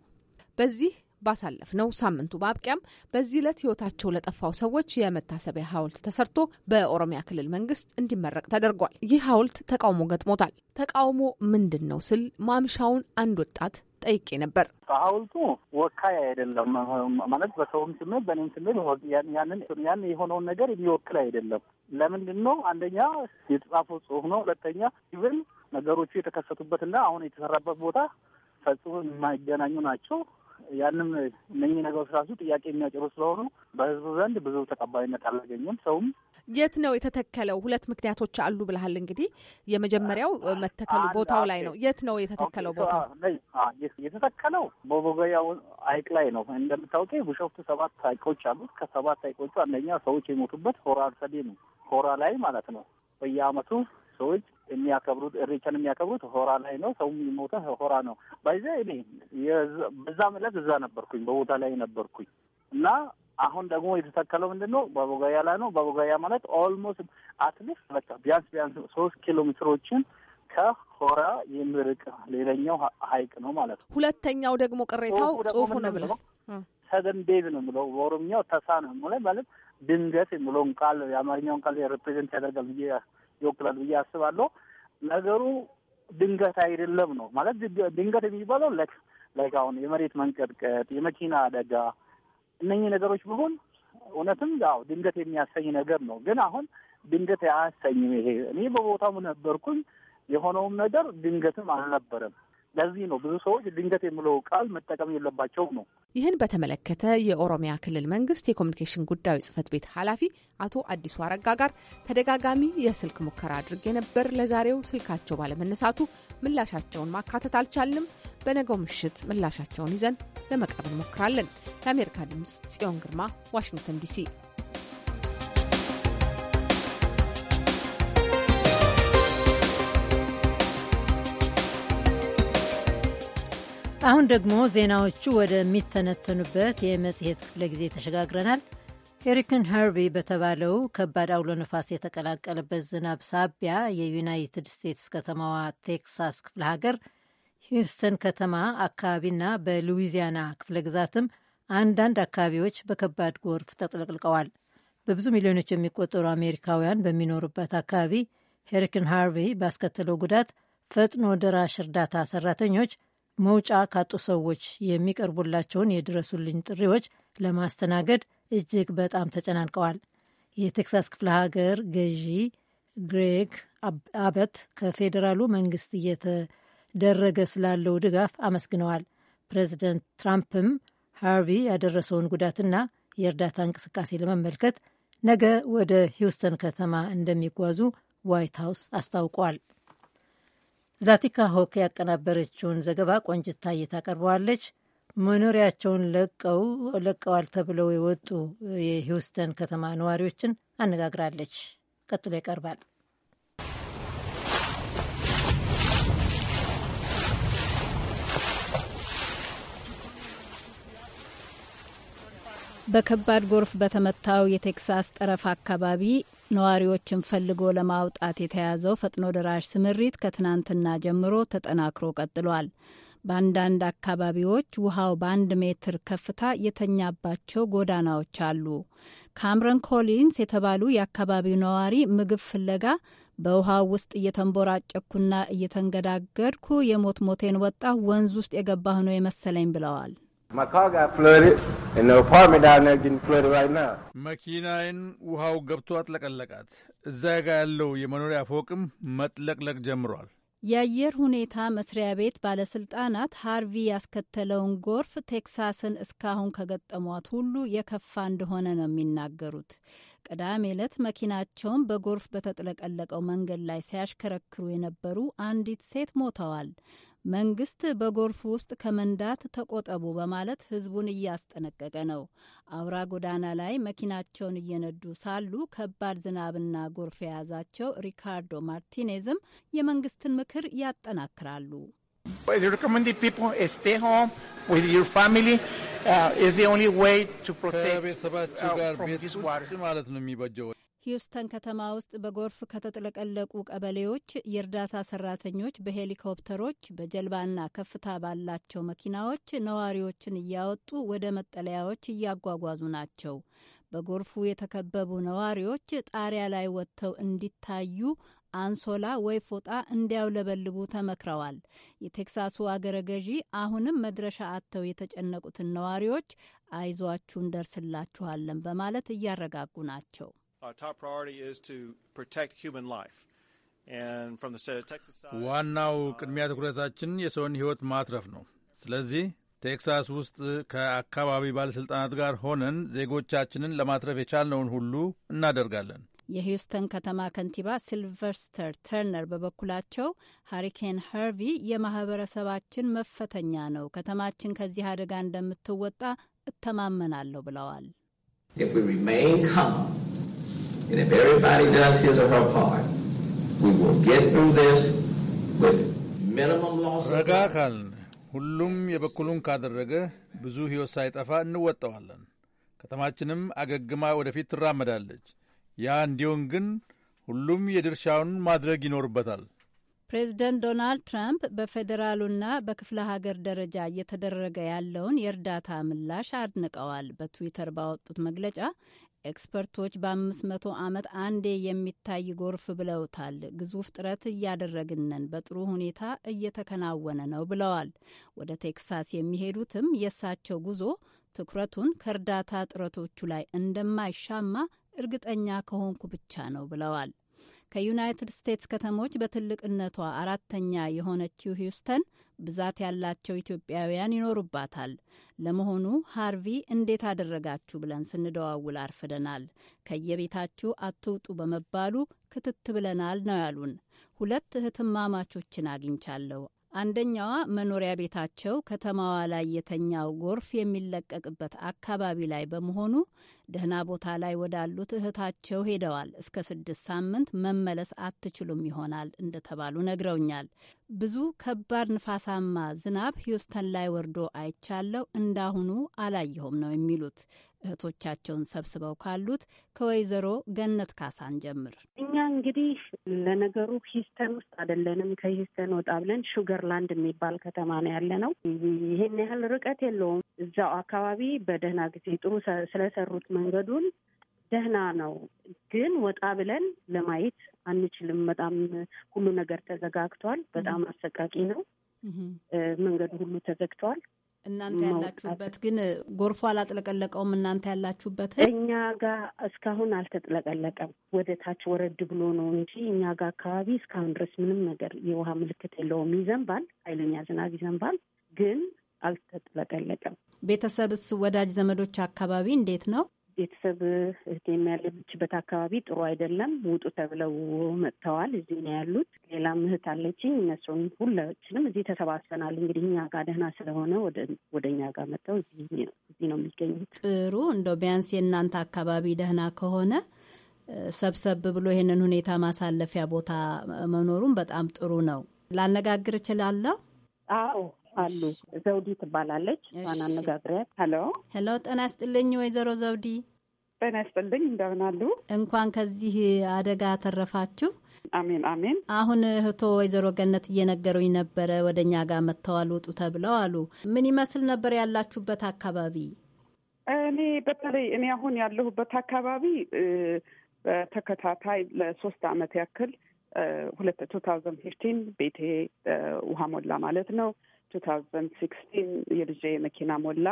በዚህ ባሳለፍነው ሳምንቱ ማብቂያም በዚህ ዕለት ህይወታቸው ለጠፋው ሰዎች የመታሰቢያ ሐውልት ተሰርቶ በኦሮሚያ ክልል መንግስት እንዲመረቅ ተደርጓል። ይህ ሐውልት ተቃውሞ ገጥሞታል። ተቃውሞ ምንድን ነው ስል ማምሻውን አንድ ወጣት ጠይቄ ነበር። ሐውልቱ ወካይ አይደለም ማለት በሰውም ስሜት በእኔም ስሜት ያንን ያን የሆነውን ነገር የሚወክል አይደለም። ለምንድን ነው? አንደኛ የተጻፈ ጽሁፍ ነው። ሁለተኛ ኢቨን ነገሮቹ የተከሰቱበትና አሁን የተሰራበት ቦታ ፈጽሞ የማይገናኙ ናቸው። ያንም እነኚህ ነገሮች ራሱ ጥያቄ የሚያጭሩ ስለሆኑ በህዝቡ ዘንድ ብዙ ተቀባይነት አላገኘም። ሰውም የት ነው የተተከለው? ሁለት ምክንያቶች አሉ ብለሃል። እንግዲህ የመጀመሪያው መተከሉ ቦታው ላይ ነው። የት ነው የተተከለው? ቦታ የተተከለው በቦገያ ሐይቅ ላይ ነው። እንደምታውቀው ቢሾፍቱ ሰባት ሐይቆች አሉት። ከሰባት ሐይቆቹ አንደኛ ሰዎች የሞቱበት ሆራ አርሰዴ ነው። ሆራ ላይ ማለት ነው። በየአመቱ ሰዎች የሚያከብሩት እሬቻን የሚያከብሩት ሆራ ላይ ነው። ሰው የሚሞተ ሆራ ነው። ባይዛ እኔ በዛ ምለት እዛ ነበርኩኝ፣ በቦታ ላይ ነበርኩኝ እና አሁን ደግሞ የተተከለው ምንድን ነው? በቦጋያ ላይ ነው። በቦጋያ ማለት ኦልሞስት አትሊስት በቃ ቢያንስ ቢያንስ ሶስት ኪሎ ሜትሮችን ከሆራ የሚርቅ ሌላኛው ሀይቅ ነው ማለት ነው። ሁለተኛው ደግሞ ቅሬታው ጽሁፉ ነው ብለው ሰደን ቤብ ነው ብለው በኦሮምኛው ተሳ ነው ማለት ማለት ድንገት የሚለውን ቃል የአማርኛውን ቃል ሪፕሬዘንት ያደርጋል ብዬ ይወክላል ብዬ አስባለሁ። ነገሩ ድንገት አይደለም ነው ማለት ድንገት የሚባለው ላይክ አሁን የመሬት መንቀጥቀጥ፣ የመኪና አደጋ እነኚህ ነገሮች ቢሆን እውነትም ያው ድንገት የሚያሰኝ ነገር ነው። ግን አሁን ድንገት አያሰኝም። ይሄ እኔ በቦታው ነበርኩኝ። የሆነውም ነገር ድንገትም አልነበረም። ለዚህ ነው ብዙ ሰዎች ድንገት የሚለው ቃል መጠቀም የለባቸውም ነው። ይህን በተመለከተ የኦሮሚያ ክልል መንግስት የኮሚኒኬሽን ጉዳዮች ጽህፈት ቤት ኃላፊ አቶ አዲሱ አረጋ ጋር ተደጋጋሚ የስልክ ሙከራ አድርጌ ነበር። ለዛሬው ስልካቸው ባለመነሳቱ ምላሻቸውን ማካተት አልቻልንም። በነገው ምሽት ምላሻቸውን ይዘን ለመቅረብ እንሞክራለን። ለአሜሪካ ድምፅ ጽዮን ግርማ ዋሽንግተን ዲሲ አሁን ደግሞ ዜናዎቹ ወደሚተነተኑበት የመጽሔት ክፍለ ጊዜ ተሸጋግረናል። ሄሪክን ሃርቪ በተባለው ከባድ አውሎ ነፋስ የተቀላቀለበት ዝናብ ሳቢያ የዩናይትድ ስቴትስ ከተማዋ ቴክሳስ ክፍለ ሀገር ሂውስተን ከተማ አካባቢና በሉዊዚያና ክፍለ ግዛትም አንዳንድ አካባቢዎች በከባድ ጎርፍ ተጥለቅልቀዋል። በብዙ ሚሊዮኖች የሚቆጠሩ አሜሪካውያን በሚኖሩበት አካባቢ ሄሪክን ሃርቪ ባስከተለው ጉዳት ፈጥኖ ደራሽ እርዳታ ሰራተኞች መውጫ ካጡ ሰዎች የሚቀርቡላቸውን የድረሱልኝ ጥሪዎች ለማስተናገድ እጅግ በጣም ተጨናንቀዋል። የቴክሳስ ክፍለ ሀገር ገዢ ግሬግ አበት ከፌዴራሉ መንግስት እየተደረገ ስላለው ድጋፍ አመስግነዋል። ፕሬዚደንት ትራምፕም ሃርቪ ያደረሰውን ጉዳትና የእርዳታ እንቅስቃሴ ለመመልከት ነገ ወደ ሂውስተን ከተማ እንደሚጓዙ ዋይት ሀውስ አስታውቋል። ዝላቲካ ሆክ ያቀናበረችውን ዘገባ ቆንጅታዬ ታቀርበዋለች። መኖሪያቸውን ለቀው ለቀዋል ተብለው የወጡ የሂውስተን ከተማ ነዋሪዎችን አነጋግራለች። ቀጥሎ ይቀርባል። በከባድ ጎርፍ በተመታው የቴክሳስ ጠረፍ አካባቢ ነዋሪዎችን ፈልጎ ለማውጣት የተያዘው ፈጥኖ ደራሽ ስምሪት ከትናንትና ጀምሮ ተጠናክሮ ቀጥሏል። በአንዳንድ አካባቢዎች ውሃው በአንድ ሜትር ከፍታ የተኛባቸው ጎዳናዎች አሉ። ካምረን ኮሊንስ የተባሉ የአካባቢው ነዋሪ ምግብ ፍለጋ በውሃው ውስጥ እየተንቦራጨኩና እየተንገዳገድኩ የሞት ሞቴን ወጣ ወንዝ ውስጥ የገባሁ ነው የመሰለኝ ብለዋል። መኪናዬን ውሃው ገብቶ አጥለቀለቃት። እዛ ጋ ያለው የመኖሪያ ፎቅም መጥለቅለቅ ጀምሯል። የአየር ሁኔታ መስሪያ ቤት ባለስልጣናት ሃርቪ ያስከተለውን ጎርፍ ቴክሳስን እስካሁን ከገጠሟት ሁሉ የከፋ እንደሆነ ነው የሚናገሩት። ቅዳሜ ዕለት መኪናቸውን በጎርፍ በተጥለቀለቀው መንገድ ላይ ሲያሽከረክሩ የነበሩ አንዲት ሴት ሞተዋል። መንግስት በጎርፍ ውስጥ ከመንዳት ተቆጠቡ በማለት ህዝቡን እያስጠነቀቀ ነው። አውራ ጎዳና ላይ መኪናቸውን እየነዱ ሳሉ ከባድ ዝናብና ጎርፍ የያዛቸው ሪካርዶ ማርቲኔዝም የመንግስትን ምክር ያጠናክራሉ። uh, uh, ከቤተሰባችሁ ጋር ቤት ማለት ነው የሚበጀው ሂውስተን ከተማ ውስጥ በጎርፍ ከተጥለቀለቁ ቀበሌዎች የእርዳታ ሰራተኞች በሄሊኮፕተሮች በጀልባና ከፍታ ባላቸው መኪናዎች ነዋሪዎችን እያወጡ ወደ መጠለያዎች እያጓጓዙ ናቸው። በጎርፉ የተከበቡ ነዋሪዎች ጣሪያ ላይ ወጥተው እንዲታዩ አንሶላ ወይ ፎጣ እንዲያውለበልቡ ተመክረዋል። የቴክሳሱ አገረ ገዢ አሁንም መድረሻ አጥተው የተጨነቁትን ነዋሪዎች አይዟችሁ እንደርስላችኋለን በማለት እያረጋጉ ናቸው። ዋናው ቅድሚያ ትኩረታችን የሰውን ሕይወት ማትረፍ ነው። ስለዚህ ቴክሳስ ውስጥ ከአካባቢ ባለሥልጣናት ጋር ሆነን ዜጎቻችንን ለማትረፍ የቻልነውን ሁሉ እናደርጋለን። የሂውስተን ከተማ ከንቲባ ሲልቨስተር ተርነር በበኩላቸው ሀሪኬን ሀርቪ የማህበረሰባችን መፈተኛ ነው፣ ከተማችን ከዚህ አደጋ እንደምትወጣ እተማመናለሁ ብለዋል። And if everybody does his or her part, we will get through this with minimum loss. ረጋ ሁሉም የበኩሉን ካደረገ ብዙ ሕይወት ሳይጠፋ እንወጣዋለን። ከተማችንም አገግማ ወደፊት ትራመዳለች። ያ እንዲሆን ግን ሁሉም የድርሻውን ማድረግ ይኖርበታል። ፕሬዝደንት ዶናልድ ትራምፕ በፌዴራሉና በክፍለ ሀገር ደረጃ እየተደረገ ያለውን የእርዳታ ምላሽ አድንቀዋል። በትዊተር ባወጡት መግለጫ ኤክስፐርቶች በአምስት መቶ ዓመት አንዴ የሚታይ ጎርፍ ብለውታል። ግዙፍ ጥረት እያደረግንን በጥሩ ሁኔታ እየተከናወነ ነው ብለዋል። ወደ ቴክሳስ የሚሄዱትም የእሳቸው ጉዞ ትኩረቱን ከእርዳታ ጥረቶቹ ላይ እንደማይሻማ እርግጠኛ ከሆንኩ ብቻ ነው ብለዋል። ከዩናይትድ ስቴትስ ከተሞች በትልቅነቷ አራተኛ የሆነችው ሂውስተን ብዛት ያላቸው ኢትዮጵያውያን ይኖሩባታል። ለመሆኑ ሃርቪ እንዴት አደረጋችሁ ብለን ስንደዋውል አርፍደናል። ከየቤታችሁ አትውጡ በመባሉ ክትት ብለናል ነው ያሉን። ሁለት እህትማማቾችን አግኝቻለሁ። አንደኛዋ መኖሪያ ቤታቸው ከተማዋ ላይ የተኛው ጎርፍ የሚለቀቅበት አካባቢ ላይ በመሆኑ ደህና ቦታ ላይ ወዳሉት እህታቸው ሄደዋል። እስከ ስድስት ሳምንት መመለስ አትችሉም ይሆናል እንደተባሉ ነግረውኛል። ብዙ ከባድ ንፋሳማ ዝናብ ሂውስተን ላይ ወርዶ አይቻለው እንዳሁኑ አላየሁም ነው የሚሉት። እህቶቻቸውን ሰብስበው ካሉት ከወይዘሮ ገነት ካሳን ጀምር። እኛ እንግዲህ ለነገሩ ሂስተን ውስጥ አይደለንም። ከሂስተን ወጣ ብለን ሹገርላንድ የሚባል ከተማ ነው ያለ ነው። ይህን ያህል ርቀት የለውም። እዛው አካባቢ በደህና ጊዜ ጥሩ ስለሰሩት መንገዱን ደህና ነው፣ ግን ወጣ ብለን ለማየት አንችልም። በጣም ሁሉ ነገር ተዘጋግቷል። በጣም አሰቃቂ ነው። መንገዱ ሁሉ ተዘግቷል። እናንተ ያላችሁበት ግን ጎርፎ አላጥለቀለቀውም? እናንተ ያላችሁበት እኛ ጋር እስካሁን አልተጥለቀለቀም። ወደ ታች ወረድ ብሎ ነው እንጂ እኛ ጋር አካባቢ እስካሁን ድረስ ምንም ነገር የውሃ ምልክት የለውም። ይዘንባል፣ ኃይለኛ ዝናብ ይዘንባል፣ ግን አልተጥለቀለቀም። ቤተሰብስ፣ ወዳጅ ዘመዶች አካባቢ እንዴት ነው? ቤተሰብ እህቴም ያለችበት አካባቢ ጥሩ አይደለም፣ ውጡ ተብለው መጥተዋል። እዚህ ነው ያሉት። ሌላም እህት አለችኝ። እነሱን ሁላችንም እዚህ ተሰባስበናል። እንግዲህ እኛ ጋር ደህና ስለሆነ ወደ እኛ ጋር መጥተው እዚህ ነው የሚገኙት። ጥሩ እንደው ቢያንስ የእናንተ አካባቢ ደህና ከሆነ ሰብሰብ ብሎ ይህንን ሁኔታ ማሳለፊያ ቦታ መኖሩም በጣም ጥሩ ነው። ላነጋግር እችላለሁ? አዎ አሉ። ዘውዲ ትባላለች። እሷን አነጋግሪያት። ሄሎ ሄሎ። ጤና ይስጥልኝ ወይዘሮ ዘውዲ። ጤና ይስጥልኝ። እንደምን አሉ? እንኳን ከዚህ አደጋ ተረፋችሁ። አሜን አሜን። አሁን እህቶ ወይዘሮ ገነት እየነገሩኝ ነበረ ወደ እኛ ጋር መጥተዋል ውጡ ተብለው አሉ። ምን ይመስል ነበር ያላችሁበት አካባቢ? እኔ በተለይ እኔ አሁን ያለሁበት አካባቢ በተከታታይ ለሶስት አመት ያክል ሁለት ቱ ታውዘንድ ፊፍቲን ቤቴ ውሃ ሞላ ማለት ነው። 2016 የልጄ መኪና ሞላ።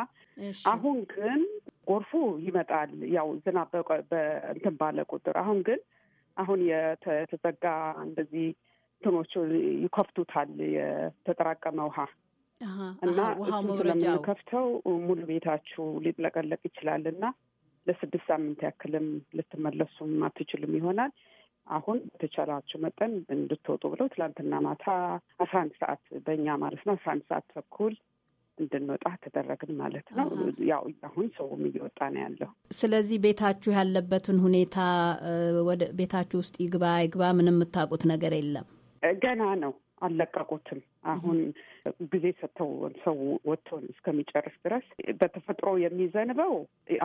አሁን ግን ጎርፉ ይመጣል ያው ዝናብ በእንትን ባለ ቁጥር አሁን ግን አሁን የተዘጋ እንደዚህ ትኖቹ ይከፍቱታል የተጠራቀመ ውሃ እና ስለምንከፍተው ሙሉ ቤታችሁ ሊጥለቀለቅ ይችላል እና ለስድስት ሳምንት ያክልም ልትመለሱም አትችሉም ይሆናል። አሁን በተቻላቸው መጠን እንድትወጡ ብለው ትላንትና ማታ አስራ አንድ ሰዓት በእኛ ማለት ነው አስራ አንድ ሰዓት ተኩል እንድንወጣ ተደረግን ማለት ነው። ያው አሁን ሰውም እየወጣ ነው ያለው። ስለዚህ ቤታችሁ ያለበትን ሁኔታ ወደ ቤታችሁ ውስጥ ይግባ አይግባ ምንም የምታውቁት ነገር የለም። ገና ነው አልለቀቁትም። አሁን ጊዜ ሰጥተው ሰው ወጥቶን እስከሚጨርስ ድረስ በተፈጥሮ የሚዘንበው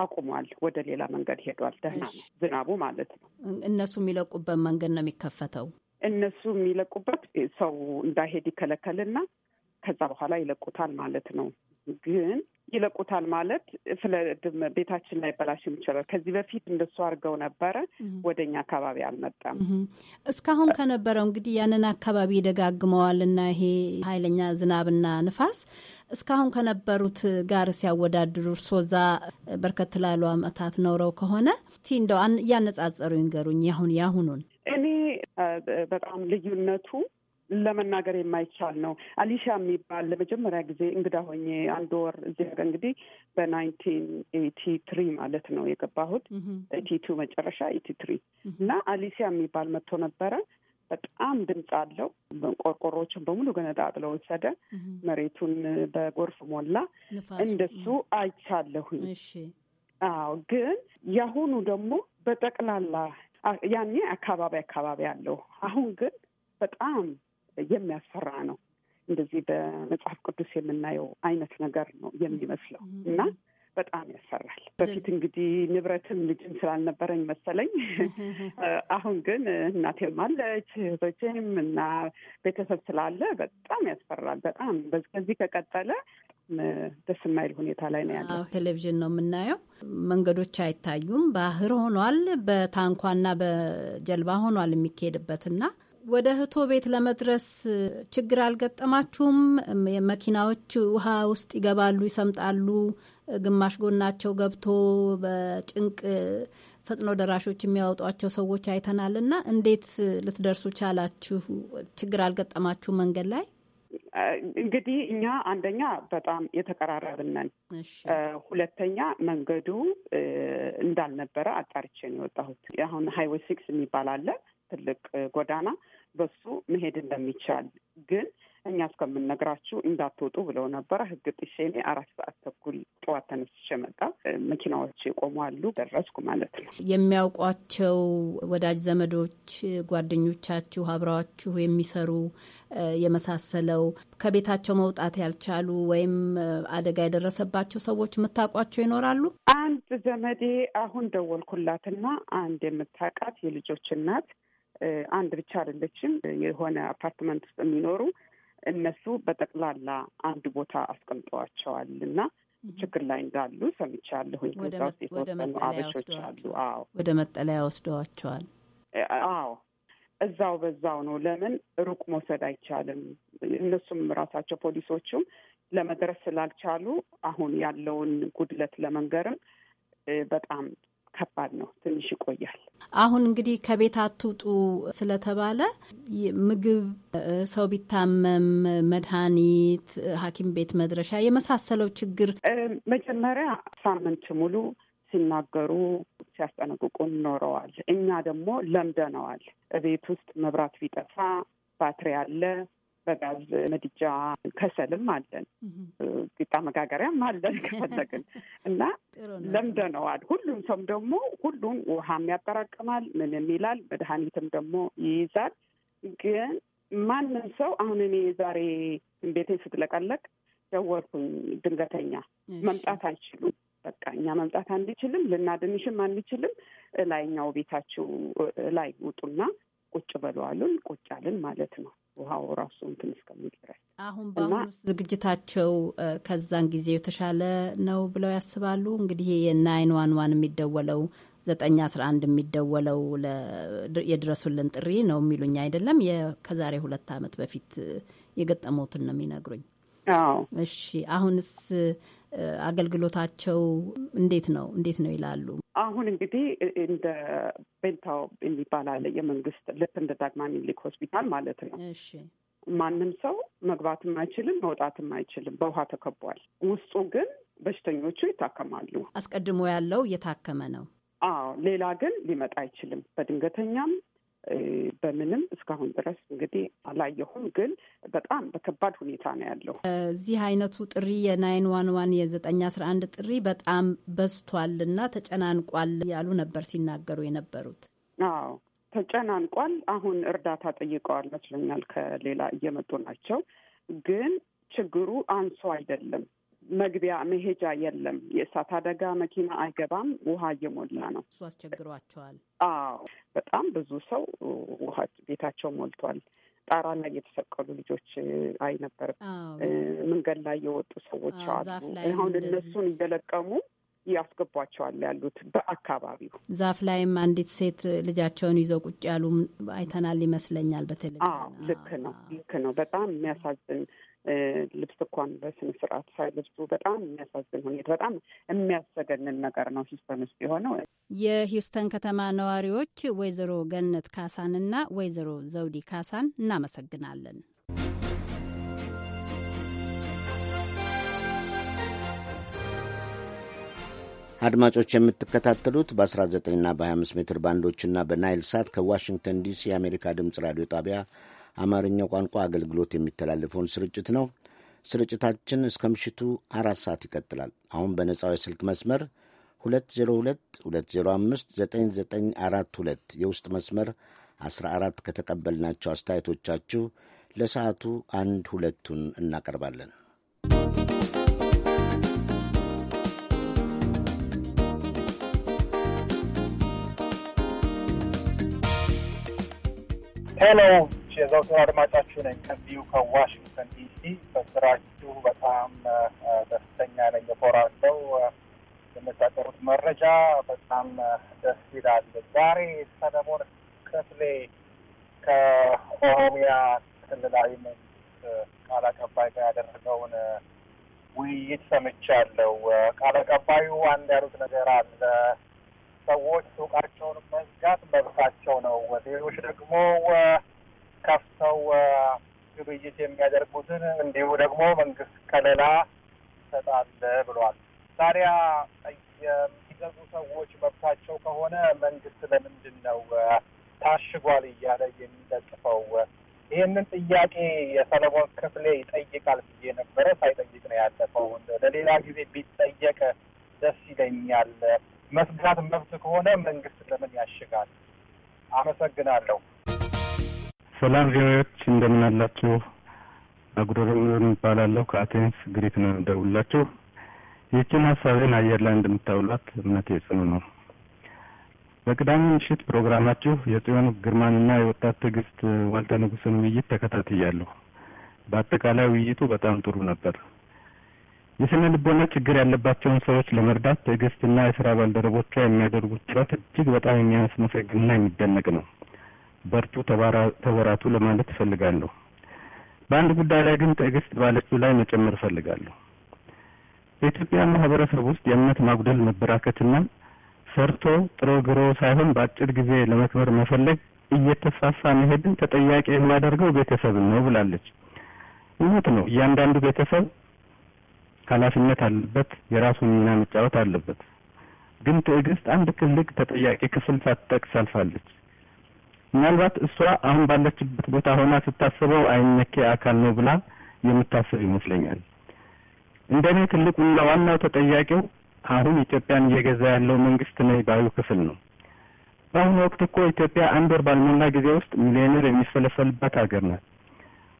አቁሟል፣ ወደ ሌላ መንገድ ሄዷል። ደህና ነው ዝናቡ ማለት ነው። እነሱ የሚለቁበት መንገድ ነው የሚከፈተው። እነሱ የሚለቁበት ሰው እንዳይሄድ ይከለከልና ከዛ በኋላ ይለቁታል ማለት ነው። ግን ይለቁታል ማለት ስለ ቤታችን ላይ በላሽ የሚችላል። ከዚህ በፊት እንደሱ አድርገው ነበረ፣ ወደ እኛ አካባቢ አልመጣም እስካሁን ከነበረው እንግዲህ ያንን አካባቢ ይደጋግመዋል እና ይሄ ኃይለኛ ዝናብና ንፋስ እስካሁን ከነበሩት ጋር ሲያወዳድሩ እርሶ እዛ በርከት ላሉ አመታት ኖረው ከሆነ እስቲ እንደው እያነጻጸሩ ይንገሩኝ። ያሁን ያሁኑን እኔ በጣም ልዩነቱ ለመናገር የማይቻል ነው። አሊሻ የሚባል ለመጀመሪያ ጊዜ እንግዳ ሆኜ አንድ ወር እዚህ ሀገር እንግዲህ በናይንቲን ኤቲ ትሪ ማለት ነው የገባሁት ኤቲ ቱ መጨረሻ ኤቲ ትሪ እና አሊሻ የሚባል መጥቶ ነበረ። በጣም ድምፅ አለው። ቆርቆሮዎችን በሙሉ ገነጣጥሎ ወሰደ። መሬቱን በጎርፍ ሞላ። እንደሱ አይቻለሁኝ። አዎ፣ ግን የአሁኑ ደግሞ በጠቅላላ ያኔ አካባቢ አካባቢ አለው። አሁን ግን በጣም የሚያስፈራ ነው። እንደዚህ በመጽሐፍ ቅዱስ የምናየው አይነት ነገር ነው የሚመስለው እና በጣም ያሰራል። በፊት እንግዲህ ንብረትም ልጅም ስላልነበረኝ መሰለኝ። አሁን ግን እናቴም አለች እህቶቼም እና ቤተሰብ ስላለ በጣም ያስፈራል። በጣም በዚህ ከቀጠለ ደስ የማይል ሁኔታ ላይ ነው ያለው። ቴሌቪዥን ነው የምናየው። መንገዶች አይታዩም። ባህር ሆኗል። በታንኳና በጀልባ ሆኗል የሚካሄድበት እና ወደ እህቶ ቤት ለመድረስ ችግር አልገጠማችሁም? መኪናዎች ውሃ ውስጥ ይገባሉ፣ ይሰምጣሉ፣ ግማሽ ጎናቸው ገብቶ በጭንቅ ፈጥኖ ደራሾች የሚያወጧቸው ሰዎች አይተናል። እና እንዴት ልትደርሱ ቻላችሁ? ችግር አልገጠማችሁ መንገድ ላይ? እንግዲህ እኛ አንደኛ በጣም የተቀራረብን ነን። ሁለተኛ መንገዱ እንዳልነበረ አጣርቼ ነው የወጣሁት። አሁን ሃይዌይ ሲክስ የሚባል አለ ትልቅ ጎዳና በሱ መሄድ እንደሚቻል ግን እኛ እስከምንነግራችሁ እንዳትወጡ ብለው ነበረ። ህግ ጥሼ እኔ አራት ሰዓት ተኩል ጠዋት ተነስቼ መጣ። መኪናዎች ቆሟሉ፣ ደረስኩ ማለት ነው። የሚያውቋቸው ወዳጅ ዘመዶች፣ ጓደኞቻችሁ፣ አብረዋችሁ የሚሰሩ የመሳሰለው ከቤታቸው መውጣት ያልቻሉ ወይም አደጋ የደረሰባቸው ሰዎች የምታውቋቸው ይኖራሉ። አንድ ዘመዴ አሁን ደወልኩላትና አንድ የምታውቃት የልጆች እናት አንድ ብቻ አይደለችም። የሆነ አፓርትመንት ውስጥ የሚኖሩ እነሱ በጠቅላላ አንድ ቦታ አስቀምጠዋቸዋል እና ችግር ላይ እንዳሉ ሰምቻለሁኝ። ከዛ ውስጥ የተወሰኑ አበሾች አሉ። አዎ፣ ወደ መጠለያ ወስደዋቸዋል። አዎ፣ እዛው በዛው ነው። ለምን ሩቅ መውሰድ አይቻልም? እነሱም ራሳቸው ፖሊሶቹም ለመድረስ ስላልቻሉ አሁን ያለውን ጉድለት ለመንገርም በጣም ከባድ ነው። ትንሽ ይቆያል። አሁን እንግዲህ ከቤት አትውጡ ስለተባለ ምግብ፣ ሰው ቢታመም መድኃኒት፣ ሐኪም ቤት መድረሻ የመሳሰለው ችግር መጀመሪያ ሳምንት ሙሉ ሲናገሩ ሲያስጠነቅቁ ኖረዋል። እኛ ደግሞ ለምደነዋል። ቤት ውስጥ መብራት ቢጠፋ ባትሪ አለ፣ በጋዝ ምድጃ ከሰልም አለን፣ ቂጣ መጋገሪያም አለን ከፈለግን እና ለምደነዋል። ሁሉም ሰውም ደግሞ ሁሉም ውሃም ያጠራቅማል ምንም ይላል፣ መድኃኒትም ደግሞ ይይዛል። ግን ማንም ሰው አሁን እኔ ዛሬ ቤቴን ስትለቀለቅ ደወልኩኝ፣ ድንገተኛ መምጣት አይችሉም። በቃ እኛ መምጣት አንችልም፣ ልናድንሽም አንችልም። ላይኛው ቤታችሁ ላይ ውጡና ቁጭ በለዋሉን ቁጭ አልን ማለት ነው። ውሃው ራሱ እንትን እስከሚል ድረስ አሁን በአሁኑ ዝግጅታቸው ከዛን ጊዜ የተሻለ ነው ብለው ያስባሉ። እንግዲህ የናይን ዋን ዋን የሚደወለው ዘጠኝ አስራ አንድ የሚደወለው የድረሱልን ጥሪ ነው የሚሉኝ አይደለም። ከዛሬ ሁለት አመት በፊት የገጠመውትን ነው የሚነግሩኝ። እሺ አሁንስ አገልግሎታቸው እንዴት ነው እንዴት ነው ይላሉ? አሁን እንግዲህ እንደ ቤንታው የሚባል አለ የመንግስት ልክ እንደ ዳግማ ሚኒሊክ ሆስፒታል ማለት ነው። እሺ ማንም ሰው መግባትም አይችልም መውጣትም አይችልም። በውሃ ተከቧል። ውስጡ ግን በሽተኞቹ ይታከማሉ። አስቀድሞ ያለው እየታከመ ነው። አዎ ሌላ ግን ሊመጣ አይችልም። በድንገተኛም በምንም እስካሁን ድረስ እንግዲህ አላየሁም፣ ግን በጣም በከባድ ሁኔታ ነው ያለው። እዚህ አይነቱ ጥሪ የናይን ዋን ዋን የዘጠኝ አስራ አንድ ጥሪ በጣም በዝቷል እና ተጨናንቋል ያሉ ነበር ሲናገሩ የነበሩት። አዎ ተጨናንቋል። አሁን እርዳታ ጠይቀዋል መስለኛል፣ ከሌላ እየመጡ ናቸው ግን ችግሩ አንሶ አይደለም መግቢያ መሄጃ የለም። የእሳት አደጋ መኪና አይገባም። ውሃ እየሞላ ነው። እሱ አስቸግሯቸዋል። አዎ በጣም ብዙ ሰው ውሃ ቤታቸው ሞልቷል። ጣራ ላይ የተሰቀሉ ልጆች አይ ነበር። መንገድ ላይ የወጡ ሰዎች አሉ። አሁን እነሱን እየለቀሙ ያስገቧቸዋል ያሉት በአካባቢው ዛፍ ላይም አንዲት ሴት ልጃቸውን ይዘው ቁጭ ያሉ አይተናል ይመስለኛል። በተለይ ልክ ነው ልክ ነው። በጣም የሚያሳዝን ልብስ እንኳን በስነ ስርዓት ሳይለብሱ በጣም የሚያሳዝን ሁኔታ፣ በጣም የሚያሰገንን ነገር ነው ሲስተም ውስጥ የሆነው። የሂውስተን ከተማ ነዋሪዎች ወይዘሮ ገነት እና ወይዘሮ ዘውዲ ካሳን እናመሰግናለን። አድማጮች የምትከታተሉት በ19ና በ25 ሜትር ባንዶችና በናይል ሳት ከዋሽንግተን ዲሲ የአሜሪካ ድምፅ ራዲዮ ጣቢያ አማርኛው ቋንቋ አገልግሎት የሚተላለፈውን ስርጭት ነው። ስርጭታችን እስከ ምሽቱ አራት ሰዓት ይቀጥላል። አሁን በነጻው የስልክ መስመር 2022059942 የውስጥ መስመር 14 ከተቀበልናቸው አስተያየቶቻችሁ ለሰዓቱ አንድ ሁለቱን እናቀርባለን። ሄሎ የዘውትር አድማጫችሁ ነኝ ከዚሁ ከዋሽንግተን ዲሲ። በስራችሁ በጣም ደስተኛ ነኝ። የኮራለው የምታቀሩት መረጃ በጣም ደስ ይላል። ዛሬ ሰለሞን ክፍሌ ከኦሮሚያ ክልላዊ መንግስት ቃል አቀባይ ጋር ያደረገውን ውይይት ሰምቻለሁ። ቃል አቀባዩ አንድ ያሉት ነገር አለ። ሰዎች ሱቃቸውን መዝጋት መብታቸው ነው፣ ሌሎች ደግሞ ከፍተው ግብይት የሚያደርጉትን እንዲሁ ደግሞ መንግስት ከሌላ ይሰጣል ብሏል። ታዲያ የሚገዙ ሰዎች መብታቸው ከሆነ መንግስት ለምንድን ነው ታሽጓል እያለ የሚለጥፈው? ይህንን ጥያቄ የሰለሞን ክፍሌ ይጠይቃል ብዬ ነበረ። ሳይጠይቅ ነው ያለፈው። ለሌላ ጊዜ ቢጠየቅ ደስ ይለኛል። መስጋት መብት ከሆነ መንግስት ለምን ያሽጋል? አመሰግናለሁ። ሰላም ዜናዎች እንደምን አላችሁ? አጉዶሮም እባላለሁ ከአቴንስ ግሪክ ነው ደውላችሁ። ይህችን ሀሳቤን አየር ላይ እንደምታውሏት እምነቴ ጽኑ ነው። በቅዳሜ ምሽት ፕሮግራማችሁ የጽዮን ግርማንና የወጣት ትዕግስት ዋልተ ንጉስን ውይይት ተከታትያለሁ። በአጠቃላይ ውይይቱ በጣም ጥሩ ነበር። የስነ ልቦና ችግር ያለባቸውን ሰዎች ለመርዳት ትዕግስትና የስራ ባልደረቦቿ የሚያደርጉት ጥረት እጅግ በጣም የሚያስመሰግንና የሚደነቅ ነው። በርቱ፣ ተበራቱ ለማለት እፈልጋለሁ። በአንድ ጉዳይ ላይ ግን ትዕግስት ባለችው ላይ መጨመር እፈልጋለሁ። በኢትዮጵያ ማህበረሰብ ውስጥ የእምነት ማጉደል መበራከትና ሰርቶ ጥሮ ግሮ ሳይሆን በአጭር ጊዜ ለመክበር መፈለግ እየተስፋፋ መሄድን ተጠያቂ የሚያደርገው ቤተሰብን ነው ብላለች። እውነት ነው። እያንዳንዱ ቤተሰብ ኃላፊነት አለበት፣ የራሱን ሚና መጫወት አለበት። ግን ትዕግስት አንድ ትልቅ ተጠያቂ ክፍል ሳትጠቅስ አልፋለች። ምናልባት እሷ አሁን ባለችበት ቦታ ሆና ስታስበው አይነኬ አካል ነው ብላ የምታስብ ይመስለኛል። እንደኔ ትልቁና ዋናው ተጠያቂው አሁን ኢትዮጵያን እየገዛ ያለው መንግስት ነ ባዩ ክፍል ነው። በአሁኑ ወቅት እኮ ኢትዮጵያ አንድ ወር ባልሞላ ጊዜ ውስጥ ሚሊዮኔር የሚፈለፈልበት ሀገር ናት።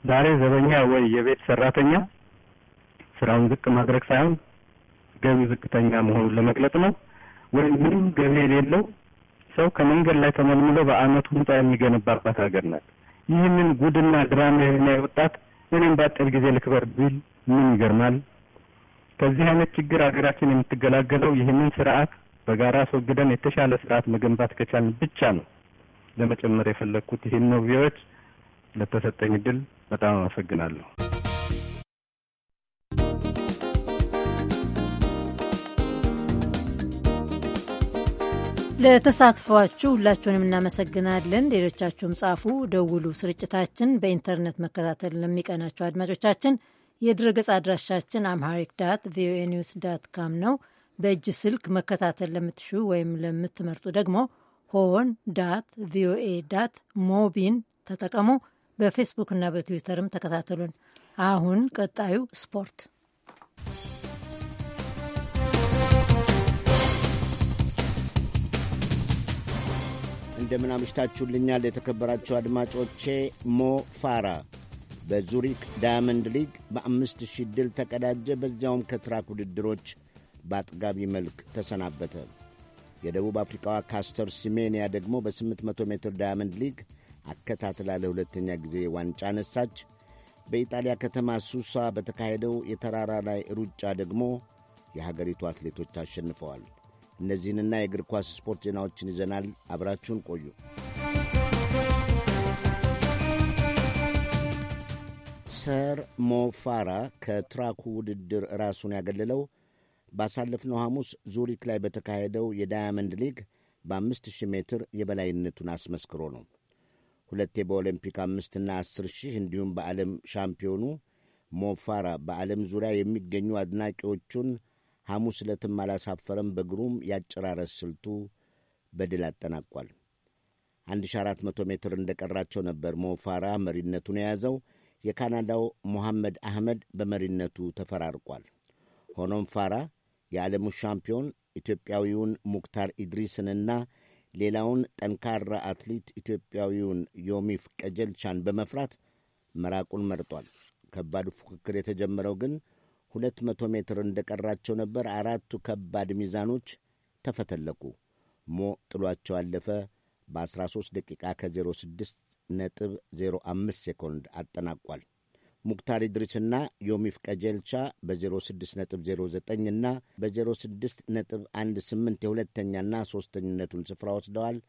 ዛሬ ዘበኛ ወይ የቤት ሰራተኛ ስራውን ዝቅ ማድረግ ሳይሆን ገቢ ዝቅተኛ መሆኑን ለመግለጽ ነው። ወይም ምንም ገቢ የሌለው ሰው ከመንገድ ላይ ተመልምሎ በአመቱ ህንጻ የሚገነባባት ሀገር ናት። ይህንን ጉድና ድራማ የሚያይ ወጣት እኔም በአጭር ጊዜ ልክበር ቢል ምን ይገርማል? ከዚህ አይነት ችግር ሀገራችን የምትገላገለው ይህንን ስርዓት በጋራ አስወግደን የተሻለ ስርዓት መገንባት ከቻልን ብቻ ነው። ለመጨመር የፈለግኩት ይህን ነው። ቪዎች ለተሰጠኝ እድል በጣም አመሰግናለሁ። ለተሳትፏችሁ ሁላችሁንም እናመሰግናለን። ሌሎቻችሁም ጻፉ፣ ደውሉ። ስርጭታችን በኢንተርኔት መከታተል ለሚቀናቸው አድማጮቻችን የድረገጽ አድራሻችን አምሃሪክ ዳት ቪኦኤ ኒውስ ዳት ካም ነው። በእጅ ስልክ መከታተል ለምትሹ ወይም ለምትመርጡ ደግሞ ሆን ዳት ቪኦኤ ዳት ሞቢን ተጠቀሙ። እና በትዊተርም ተከታተሉን። አሁን ቀጣዩ ስፖርት እንደምናምሽታችሁልኛል የተከበራችሁ አድማጮቼ። ሞ ፋራ በዙሪክ ዳያመንድ ሊግ በአምስት ሺህ ድል ተቀዳጀ። በዚያውም ከትራክ ውድድሮች በአጥጋቢ መልክ ተሰናበተ። የደቡብ አፍሪካዋ ካስተር ሲሜንያ ደግሞ በ800 ሜትር ዳያመንድ ሊግ አከታትላ ለሁለተኛ ጊዜ ዋንጫ ነሳች። በኢጣሊያ ከተማ ሱሳ በተካሄደው የተራራ ላይ ሩጫ ደግሞ የሀገሪቱ አትሌቶች አሸንፈዋል። እነዚህንና የእግር ኳስ ስፖርት ዜናዎችን ይዘናል። አብራችሁን ቆዩ። ሰር ሞፋራ ከትራኩ ውድድር ራሱን ያገለለው ባሳለፍነው ሐሙስ ዙሪክ ላይ በተካሄደው የዳያመንድ ሊግ በአምስት ሺህ ሜትር የበላይነቱን አስመስክሮ ነው። ሁለቴ በኦሎምፒክ አምስትና አስር ሺህ እንዲሁም በዓለም ሻምፒዮኑ ሞፋራ በዓለም ዙሪያ የሚገኙ አድናቂዎቹን ሐሙስ ዕለትም አላሳፈረም። በግሩም ያጨራረስ ስልቱ በድል አጠናቋል። 1400 ሜትር እንደቀራቸው ነበር ሞፋራ መሪነቱን የያዘው። የካናዳው ሞሐመድ አህመድ በመሪነቱ ተፈራርቋል። ሆኖም ፋራ የዓለሙ ሻምፒዮን ኢትዮጵያዊውን ሙክታር ኢድሪስንና ሌላውን ጠንካራ አትሌት ኢትዮጵያዊውን ዮሚፍ ቀጀልቻን በመፍራት መራቁን መርጧል። ከባዱ ፉክክር የተጀመረው ግን ሁለት መቶ ሜትር እንደቀራቸው ነበር አራቱ ከባድ ሚዛኖች ተፈተለቁ። ሞ ጥሏቸው አለፈ። በ13 ደቂቃ ከ06 ነጥብ 05 ሴኮንድ አጠናቋል። ሙክታር ኢድሪስና ዮሚፍ ቀጀልቻ በ06 ነጥብ 09 እና በ06 ነጥብ 18 የሁለተኛና ሦስተኝነቱን ስፍራ ወስደዋል።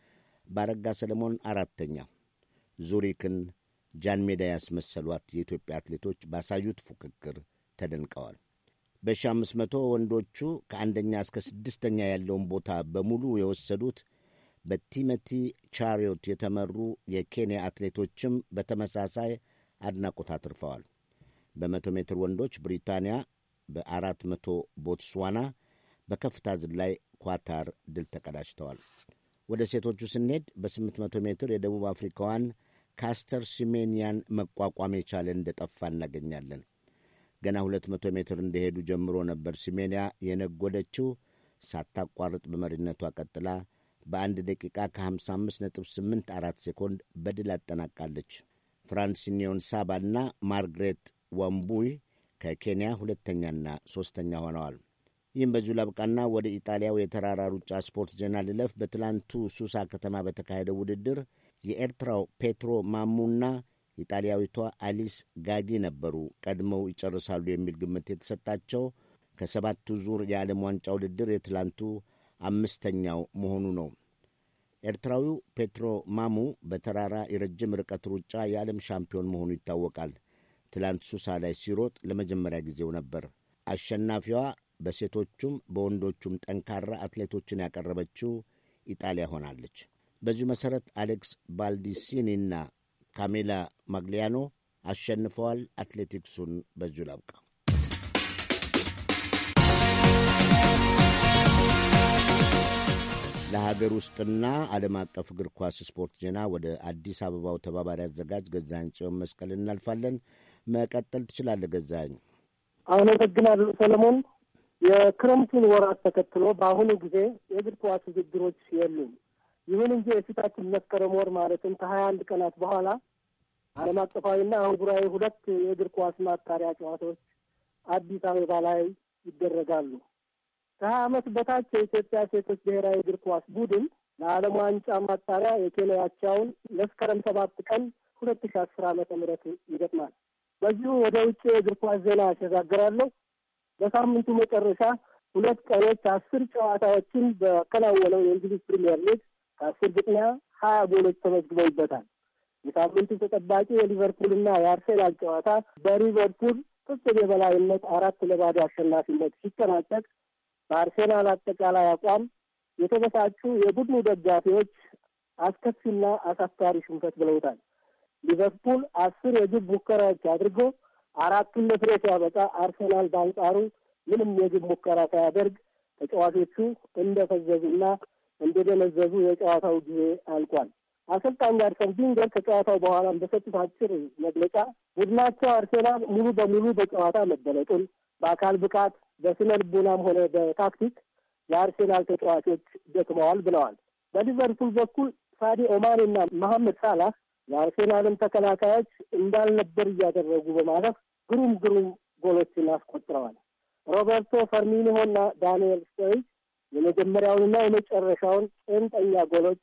ባረጋ ሰለሞን አራተኛ። ዙሪክን ጃን ሜዳ ያስመሰሏት የኢትዮጵያ አትሌቶች ባሳዩት ፉክክር ተደንቀዋል። መቶ ወንዶቹ ከአንደኛ እስከ ስድስተኛ ያለውን ቦታ በሙሉ የወሰዱት በቲሞቲ ቻሪዮት የተመሩ የኬንያ አትሌቶችም በተመሳሳይ አድናቆት አትርፈዋል። በመቶ ሜትር ወንዶች ብሪታንያ፣ በአራት መቶ ቦትስዋና፣ በከፍታ ዝላይ ኳታር ድል ተቀዳጅተዋል። ወደ ሴቶቹ ስንሄድ በ800 ሜትር የደቡብ አፍሪካዋን ካስተር ሲሜንያን መቋቋም የቻለ እንደጠፋ እናገኛለን። ገና 200 ሜትር እንደሄዱ ጀምሮ ነበር ሲሜንያ የነጎደችው። ሳታቋርጥ በመሪነቷ ቀጥላ በአንድ ደቂቃ ከ55.84 ሴኮንድ በድል አጠናቃለች። ፍራንሲኒዮን ሳባና ማርግሬት ዋምቡይ ከኬንያ ሁለተኛና ሦስተኛ ሆነዋል። ይህም በዚሁ ላብቃና ወደ ኢጣሊያው የተራራ ሩጫ ስፖርት ዜና ልለፍ። በትላንቱ ሱሳ ከተማ በተካሄደው ውድድር የኤርትራው ፔትሮ ማሙና ኢጣሊያዊቷ አሊስ ጋጊ ነበሩ ቀድመው ይጨርሳሉ የሚል ግምት የተሰጣቸው ከሰባቱ ዙር የዓለም ዋንጫ ውድድር የትላንቱ አምስተኛው መሆኑ ነው። ኤርትራዊው ፔትሮ ማሙ በተራራ የረጅም ርቀት ሩጫ የዓለም ሻምፒዮን መሆኑ ይታወቃል። ትላንት ሱሳ ላይ ሲሮጥ ለመጀመሪያ ጊዜው ነበር። አሸናፊዋ በሴቶቹም በወንዶቹም ጠንካራ አትሌቶችን ያቀረበችው ኢጣሊያ ሆናለች። በዚሁ መሠረት አሌክስ ባልዲሲኒ እና ካሜላ ማግሊያኖ አሸንፈዋል። አትሌቲክሱን በዚሁ ላብቃ። ለሀገር ውስጥና ዓለም አቀፍ እግር ኳስ ስፖርት ዜና ወደ አዲስ አበባው ተባባሪ አዘጋጅ ገዛኝ ጽዮን መስቀል እናልፋለን። መቀጠል ትችላለህ ገዛኝ። አመሰግናለሁ ሰለሞን። የክረምቱን ወራት ተከትሎ በአሁኑ ጊዜ የእግር ኳስ ውድድሮች የሉም። ይሁን እንጂ የፊታችን መስከረም ወር ማለትም ከሀያ አንድ ቀናት በኋላ ዓለም አቀፋዊና አህጉራዊ ሁለት የእግር ኳስ ማጣሪያ ጨዋታዎች አዲስ አበባ ላይ ይደረጋሉ። ከሀያ ዓመት በታች የኢትዮጵያ ሴቶች ብሔራዊ እግር ኳስ ቡድን ለዓለም ዋንጫ ማጣሪያ የኬንያቻውን መስከረም ሰባት ቀን ሁለት ሺ አስር ዓመተ ምህረት ይገጥማል። በዚሁ ወደ ውጭ የእግር ኳስ ዜና ያሸጋግራለሁ። በሳምንቱ መጨረሻ ሁለት ቀኖች አስር ጨዋታዎችን በከናወነው የእንግሊዝ ፕሪሚየር ሊግ ከአስር ግጥሚያ ሀያ ጎሎች ተመዝግበውበታል። የሳምንቱ ተጠባቂ የሊቨርፑልና የአርሴናል ጨዋታ በሊቨርፑል ፍጹም የበላይነት አራት ለባዶ አሸናፊነት ሲጠናቀቅ በአርሴናል አጠቃላይ አቋም የተበሳጩ የቡድኑ ደጋፊዎች አስከፊና አሳፋሪ ሽንፈት ብለውታል። ሊቨርፑል አስር የግብ ሙከራዎች አድርጎ አራቱን ለፍሬ ሲያበቃ አርሴናል በአንጻሩ ምንም የግብ ሙከራ ሳያደርግ ተጫዋቾቹ እንደፈዘዙና እንደደነዘዙ የጨዋታው ጊዜ አልቋል። አሰልጣኝ አርሰን ቬንገር ከጨዋታው በኋላ በሰጡት አጭር መግለጫ ቡድናቸው አርሴናል ሙሉ በሙሉ በጨዋታ መበለጡን በአካል ብቃት በስነ ልቦናም ሆነ በታክቲክ የአርሴናል ተጫዋቾች ደክመዋል ብለዋል። በሊቨርፑል በኩል ሳዲ ኦማን እና መሐመድ ሳላህ የአርሴናልን ተከላካዮች እንዳልነበር እያደረጉ በማለፍ ግሩም ግሩም ጎሎችን አስቆጥረዋል። ሮበርቶ ፈርሚኒሆና ዳንኤል ስቶይች የመጀመሪያውንና የመጨረሻውን ጥንጠኛ ጎሎች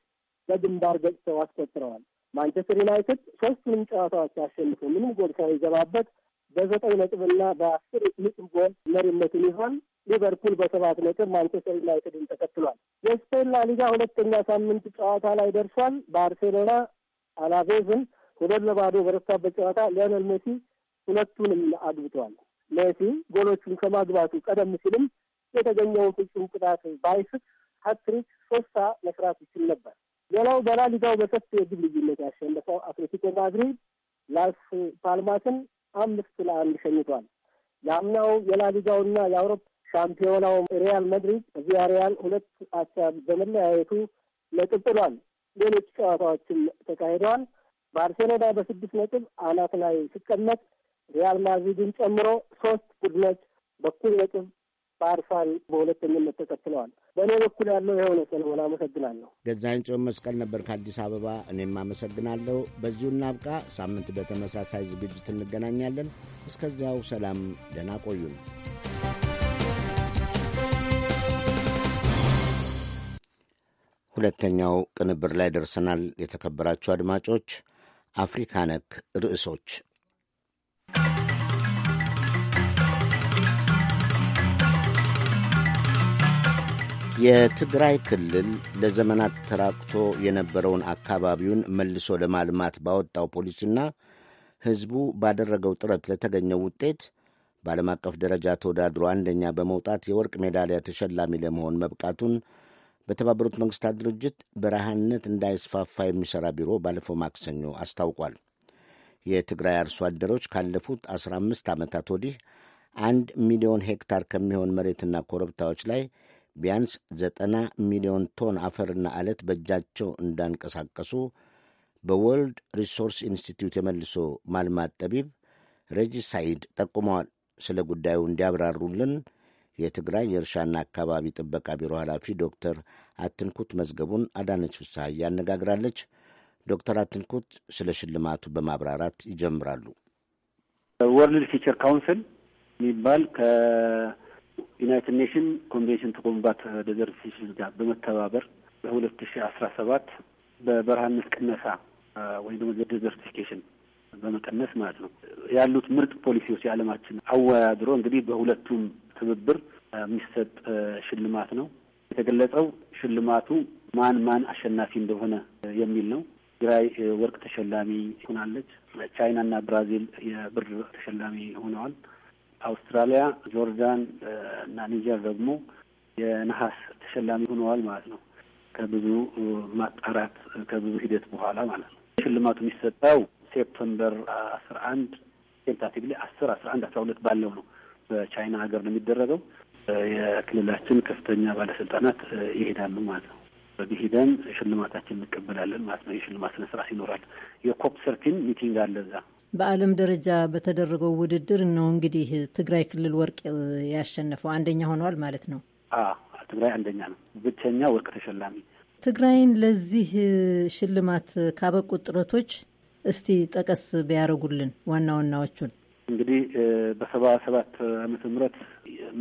በግንባር ገጽተው አስቆጥረዋል። ማንቸስተር ዩናይትድ ሶስቱንም ጨዋታዎች አሸንፎ ምንም ጎል ሳይገባበት በዘጠኝ ነጥብና በአስር ንጥብ ጎል መሪነቱን ይዟል። ሊቨርፑል በሰባት ነጥብ ማንቸስተር ዩናይትድን ተከትሏል። የስፔን ላሊጋ ሊጋ ሁለተኛ ሳምንት ጨዋታ ላይ ደርሷል። ባርሴሎና አላቬዝን ሁለት ለባዶ በረታበት ጨዋታ ሊዮኔል ሜሲ ሁለቱንም አግብቷል። ሜሲ ጎሎቹን ከማግባቱ ቀደም ሲልም የተገኘውን ፍጹም ቅጣት ባይስት ሀትሪክ ሶስታ መስራት ይችል ነበር። ሌላው በላሊጋው በሰፊ የግብ ልዩነት ያሸነፈው አትሌቲኮ ማድሪድ ላስ ፓልማስን አምስት ለአንድ ሸኝቷል። የአምናው የላሊጋውና የአውሮፓ ሻምፒዮናው ሪያል ማድሪድ ቪያሪያል ሁለት አቻ በመለያየቱ ነጥብ ሌሎች ጨዋታዎችም ተካሂደዋል። ባርሴሎና በስድስት ነጥብ አናት ላይ ሲቀመጥ ሪያል ማድሪድን ጨምሮ ሶስት ቡድኖች በኩል ነጥብ በአርሷን በሁለተኝነት ተከትለዋል። በእኔ በኩል ያለው የሆነ ሰለሞን አመሰግናለሁ። ገዛኝ ጽዮን መስቀል ነበር ከአዲስ አበባ። እኔም አመሰግናለሁ። በዚሁ እናብቃ። ሳምንት በተመሳሳይ ዝግጅት እንገናኛለን። እስከዚያው ሰላም፣ ደህና ቆዩን። ሁለተኛው ቅንብር ላይ ደርሰናል። የተከበራችሁ አድማጮች፣ አፍሪካ ነክ ርዕሶች የትግራይ ክልል ለዘመናት ተራቅቶ የነበረውን አካባቢውን መልሶ ለማልማት ባወጣው ፖሊሲና ሕዝቡ ባደረገው ጥረት ለተገኘው ውጤት በዓለም አቀፍ ደረጃ ተወዳድሮ አንደኛ በመውጣት የወርቅ ሜዳሊያ ተሸላሚ ለመሆን መብቃቱን በተባበሩት መንግሥታት ድርጅት በረሃነት እንዳይስፋፋ የሚሠራ ቢሮ ባለፈው ማክሰኞ አስታውቋል። የትግራይ አርሶ አደሮች ካለፉት 15 ዓመታት ወዲህ አንድ ሚሊዮን ሄክታር ከሚሆን መሬትና ኮረብታዎች ላይ ቢያንስ ዘጠና ሚሊዮን ቶን አፈርና አለት በእጃቸው እንዳንቀሳቀሱ በወርልድ ሪሶርስ ኢንስቲትዩት የመልሶ ማልማት ጠቢብ ሬጂ ሳይድ ጠቁመዋል። ስለ ጉዳዩ እንዲያብራሩልን የትግራይ የእርሻና አካባቢ ጥበቃ ቢሮ ኃላፊ ዶክተር አትንኩት መዝገቡን አዳነች ፍስሐ ያነጋግራለች። ዶክተር አትንኩት ስለ ሽልማቱ በማብራራት ይጀምራሉ። ወርልድ ፊቸር ካውንስል የሚባል ዩናይትድ ኔሽን ኮንቬንሽን ተቆምባት ዴዘርቲፊኬሽን ጋር በመተባበር በሁለት ሺ አስራ ሰባት በበረሃነት ቅነሳ ወይም ደግሞ ዴዘርቲፊኬሽን በመቀነስ ማለት ነው ያሉት ምርጥ ፖሊሲዎች የዓለማችን አወዳድሮ እንግዲህ በሁለቱም ትብብር የሚሰጥ ሽልማት ነው። የተገለጸው ሽልማቱ ማን ማን አሸናፊ እንደሆነ የሚል ነው። ትግራይ ወርቅ ተሸላሚ ሆናለች። ቻይና እና ብራዚል የብር ተሸላሚ ሆነዋል። አውስትራሊያ፣ ጆርዳን እና ኒጀር ደግሞ የነሐስ ተሸላሚ ሆነዋል ማለት ነው። ከብዙ ማጣራት ከብዙ ሂደት በኋላ ማለት ነው። ሽልማቱ የሚሰጠው ሴፕተምበር አስራ አንድ ቴንታቲቭ ላይ አስር አስራ አንድ አስራ ሁለት ባለው ነው። በቻይና ሀገር ነው የሚደረገው። የክልላችን ከፍተኛ ባለስልጣናት ይሄዳሉ ማለት ነው። በዚህ ሂደን ሽልማታችን እንቀበላለን ማለት ነው። የሽልማት ስነ ይኖራል። የኮፕ ሰርቲን ሚቲንግ አለ እዛ በዓለም ደረጃ በተደረገው ውድድር ነው እንግዲህ ትግራይ ክልል ወርቅ ያሸነፈው። አንደኛ ሆነዋል ማለት ነው። ትግራይ አንደኛ ነው፣ ብቸኛ ወርቅ ተሸላሚ። ትግራይን ለዚህ ሽልማት ካበቁት ጥረቶች እስቲ ጠቀስ ቢያደርጉልን ዋና ዋናዎቹን። እንግዲህ በሰባ ሰባት ዓመተ ምህረት